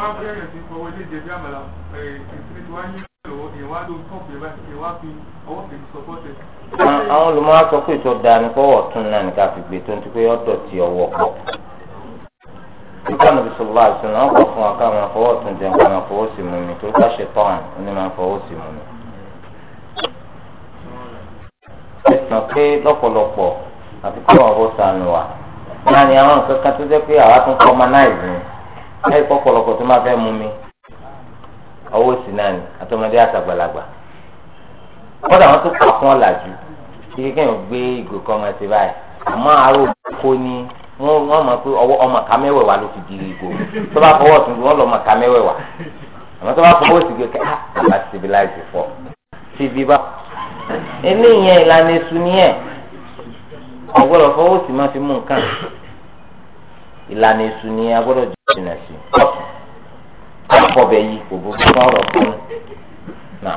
bá bẹ̀rẹ̀ sí fọwọ́ léde bí àmàlà ìsinmi tí wọ́n á yín lọ́wọ́ ìwà ló tọ́pù ẹ̀ báyìí ìwà fi ọwọ́ kejì sọpọ́tẹ̀. àwọn olùmọ̀ọ́ sọ pé ìtọ́ da ni fọwọ́ tún náà ní ká fi gbé tó ń ti pé ọ̀dọ̀ ti ọwọ́ pọ̀. ìkànnì bisọ̀ bá àìsàn náà kọ̀ fún wa ká máa fọwọ́ tún jẹun ká máa fọwọ́ sí mú mi tó bá ṣe tán ni máa fọwọ́ sí mú mi. ẹ̀sán pé lọ́pọ̀lọpọ̀ àti kí wọ́n bó sànù wa. náà ni àwọn nǹkan kan tó jẹ́ pé àwa tún fọmanáìzì ni láì kọ́ pọ̀lọpọ̀ tó máa fẹ́ mú mi ọwọ́ sí náà ni àtọmọdé àtàgbàlagbà kọ́dà wọn tó kà fún ọ̀làjú kí kékeré gbé ìgò kan máa ṣe báyìí àmọ́ àárò kó ní wọ́n mọ̀ pé ọwọ́ ọmọ ká mẹ́wẹ̀wá ló fi di ìgò tó bá fọwọ́ tuntun wọ́n lọ ọmọ ká mẹ́wẹ̀wá àmọ́ tó bá fọwọ́ sí gé ká àbá stabilize fọ́ síbi bá. eléyìí ìlànà èṣù nìyẹn ọ̀gbọ́dọ̀ fọwọ́ sí máa fi mú nǹkan ìlànà èṣù ni a gbọ́dọ̀ jìnnà sí akọbẹ yìí kò bó fún ọ̀rọ̀ fún nà.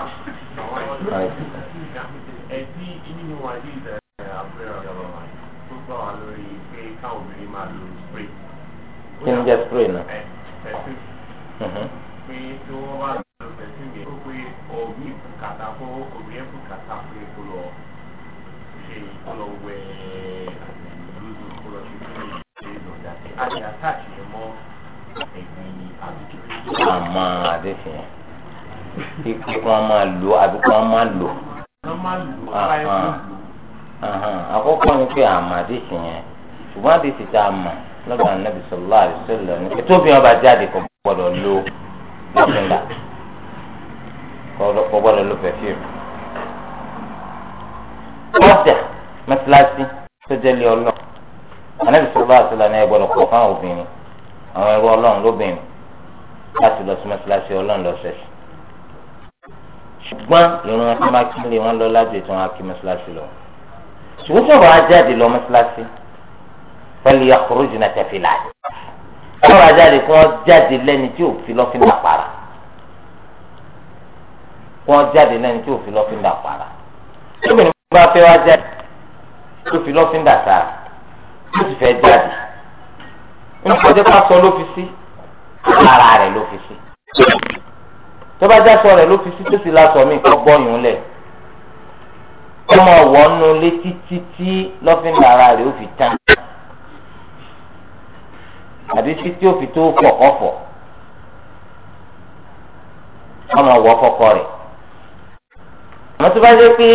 kí ni jẹ́ spray náà. pẹ̀sìn pé mhm. kàtà fún obìnrin kàtà fún ìkọlọ ṣe ìkọlọ wẹ̀ a ti attach rẹ̀ mọ́ ẹ̀gbìn àbùjọ. àmọ́ àdéhùn yẹn kíkọ́ kan máa lò àbí kan máa lò. kan máa lò báyìí lò. àkọ́kọ́ ni pé àmọ́ àdéhùn yẹn ṣùgbọ́n àdéhùn tá a mọ̀ lọ́gbà nàbì sallallahu alaihi wasallam ní ètò obìnrin ọba jáde kò gbọ́dọ̀ lo lọ́fíńdà kò gbọ́dọ̀ lo pẹ̀fíìmù. ọ̀sẹ̀ mẹ́tíláṣí tó jẹ́ lé ọlọ́run anabi sọlá àtúlà náà gbọ́dọ̀ kọ fáwọn obìnrin àwọn ẹrú Ọlọ́run lóbìnrin láti lọ sí mọ́ṣáláṣí Ọlọ́run lọsẹsẹ ṣùgbọ́n ìrún wọn tí wọn kí lè wọn lọ láti ètò wọn kí mọ́ṣáláṣí lọ ṣùgbọ́n tí wọn bá jáde lọ mọ́ṣáláṣí pẹ̀lú yakuru jìnnà tẹfì láàyè tí wọn bá jáde kí wọn jáde lẹ́ni tí òfin lọ fi ń dàpara kí wọn jáde lẹ́ni tí òfin lọ fi ń tóbi ní bá fẹ́ wá jáde tó fi lọ fi ó sì fẹ́ jáde nípasẹ̀ pásọ ló fi sí ara rẹ̀ ló fi sí tó bá jásọ rẹ̀ ló fi sí tó sì lásọ mí kọ́ gbọ́yùn lẹ̀ ọmọ wọnú létí títí lọ́fíìn ara rẹ̀ ó fi tán àbí títí ó fi tó fọ̀kọ́fọ̀ ọmọ wọ fọkọ rẹ̀ àmọ́ tó bá jẹ́ pé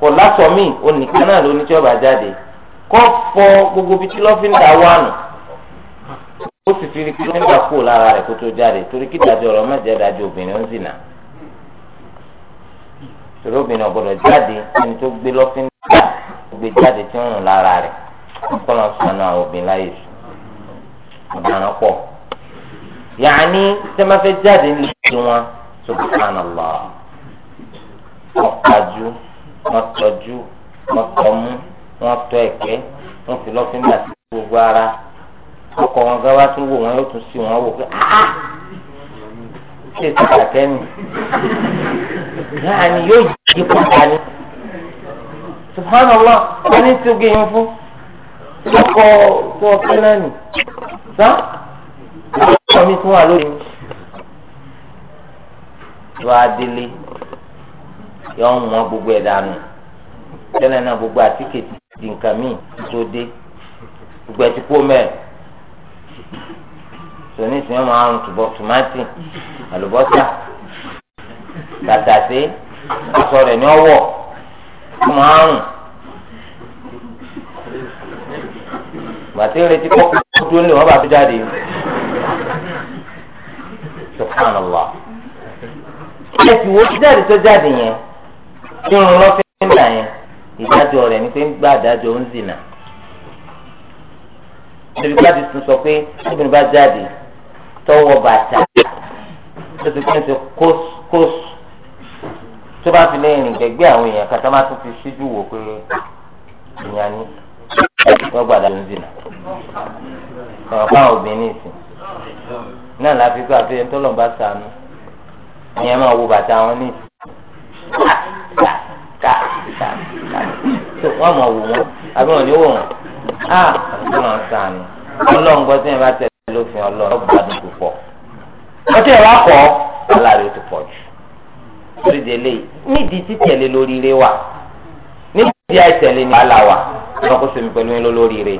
kò lásọ mí onìkan náà ló ní tí ó bá jáde kọ́ fọ gbogbo bíi tí lọ́fíńdà wà nù ó sì fi kí lọ́fíńdà kú lára rẹ̀ kó tó jáde torí kí ìdájọ́ ọ̀rọ̀ mẹ́jẹ̀ dájọ́ obìnrin ń zìnà torí obìnrin ọ̀gbọ́dọ̀ jáde ẹni tó gbé lọ́fíńdà gbé jáde tí ń rùn lára rẹ̀ kọ́lọ́ sọnù àwọn obìnrin láyè sùn ọ̀daràn pọ̀ yàní tẹ́máfẹ́ jáde ní ìlú wọn subhanallah wọ́n kájú wọ́n tọ́jú wọ́n tọ́mú wọ́n tọ́ ẹ̀kẹ́ wọ́n fi lọ́fíńdà sí gbogbo ara ọkọ̀ wọn gan wá tún wò wọ́n yóò tún sí wọn wò pé áá ah, ah, ṣe ti pàtẹ́nì náà ni yóò jí pàtà ni subhanallah wọ́n ní tí ó gé yín fún ọkọ̀ tó ọkọ̀ náà nì sá ọkọ̀ mi tún wà lóyún tó adélé yọ̀ ń wọ́n gbogbo ẹ̀ dànù tẹ́lẹ̀ náà gbogbo àtíkètì di nǹkan míì tó dé gbogbo ẹ ti kó mẹ́ẹ̀ sọ̀ní ìsìn ọmọ àrùn tùbọ̀ tòmátì àlùbọ́sà tàtàsé aṣọ rẹ̀ ní ọwọ́ ọmọ àrùn gbàtí retí kọ́kọ́ tó ń lè wọ́n bá tó jáde subhanallah ẹ ti wo jáde tó jáde yẹn kí n lọ fẹ́ nílà yẹn ìdájọ́ rẹ̀ ni pé ń gbà dájọ́ ń zìnà níbi káàdì tún sọ pé níbi bá jáde tọwọ́ bàtà tó ti pín sí kóòsù tó bá fi lẹ́yìn ìgbẹ́gbẹ́ àwọn èèyàn kàtà má tún fi síjú wò pé èèyàn ni wọ́n gbàdá ló ń dìnnà ọ̀rọ̀ fáwọn obìnrin ìsìn náà láfi pé àfihàn tó lọ́n bá sànú ìyẹn máa wo bàtà wọn ní ìsìn tó wọ́n mọ̀ wò wọ́n àbí wọ́n ní wò wọ́n á ah! àbí wọ́n sànù ọlọ́run gbọ́ sí ẹ bá tẹ̀lé lófin ọlọ́run ọgbàdùn púpọ̀ ọtí ẹ̀ wá kọ́ aláàrẹ ó ti pọ̀ jù lórí délé nídìí títẹ̀lé lórí rẹ wà nídìí àìtẹ̀lé ní wàhálà wà wọn kò sèmi pẹ̀lú yín lórí rẹ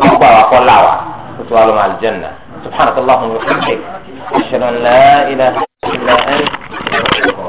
wọn gbà wà kọ́ là wà kó tó wà lọ́mọ àlùjẹ́nà subhanakallahumma wa bihamdik ashhadu an la ilaha illa anta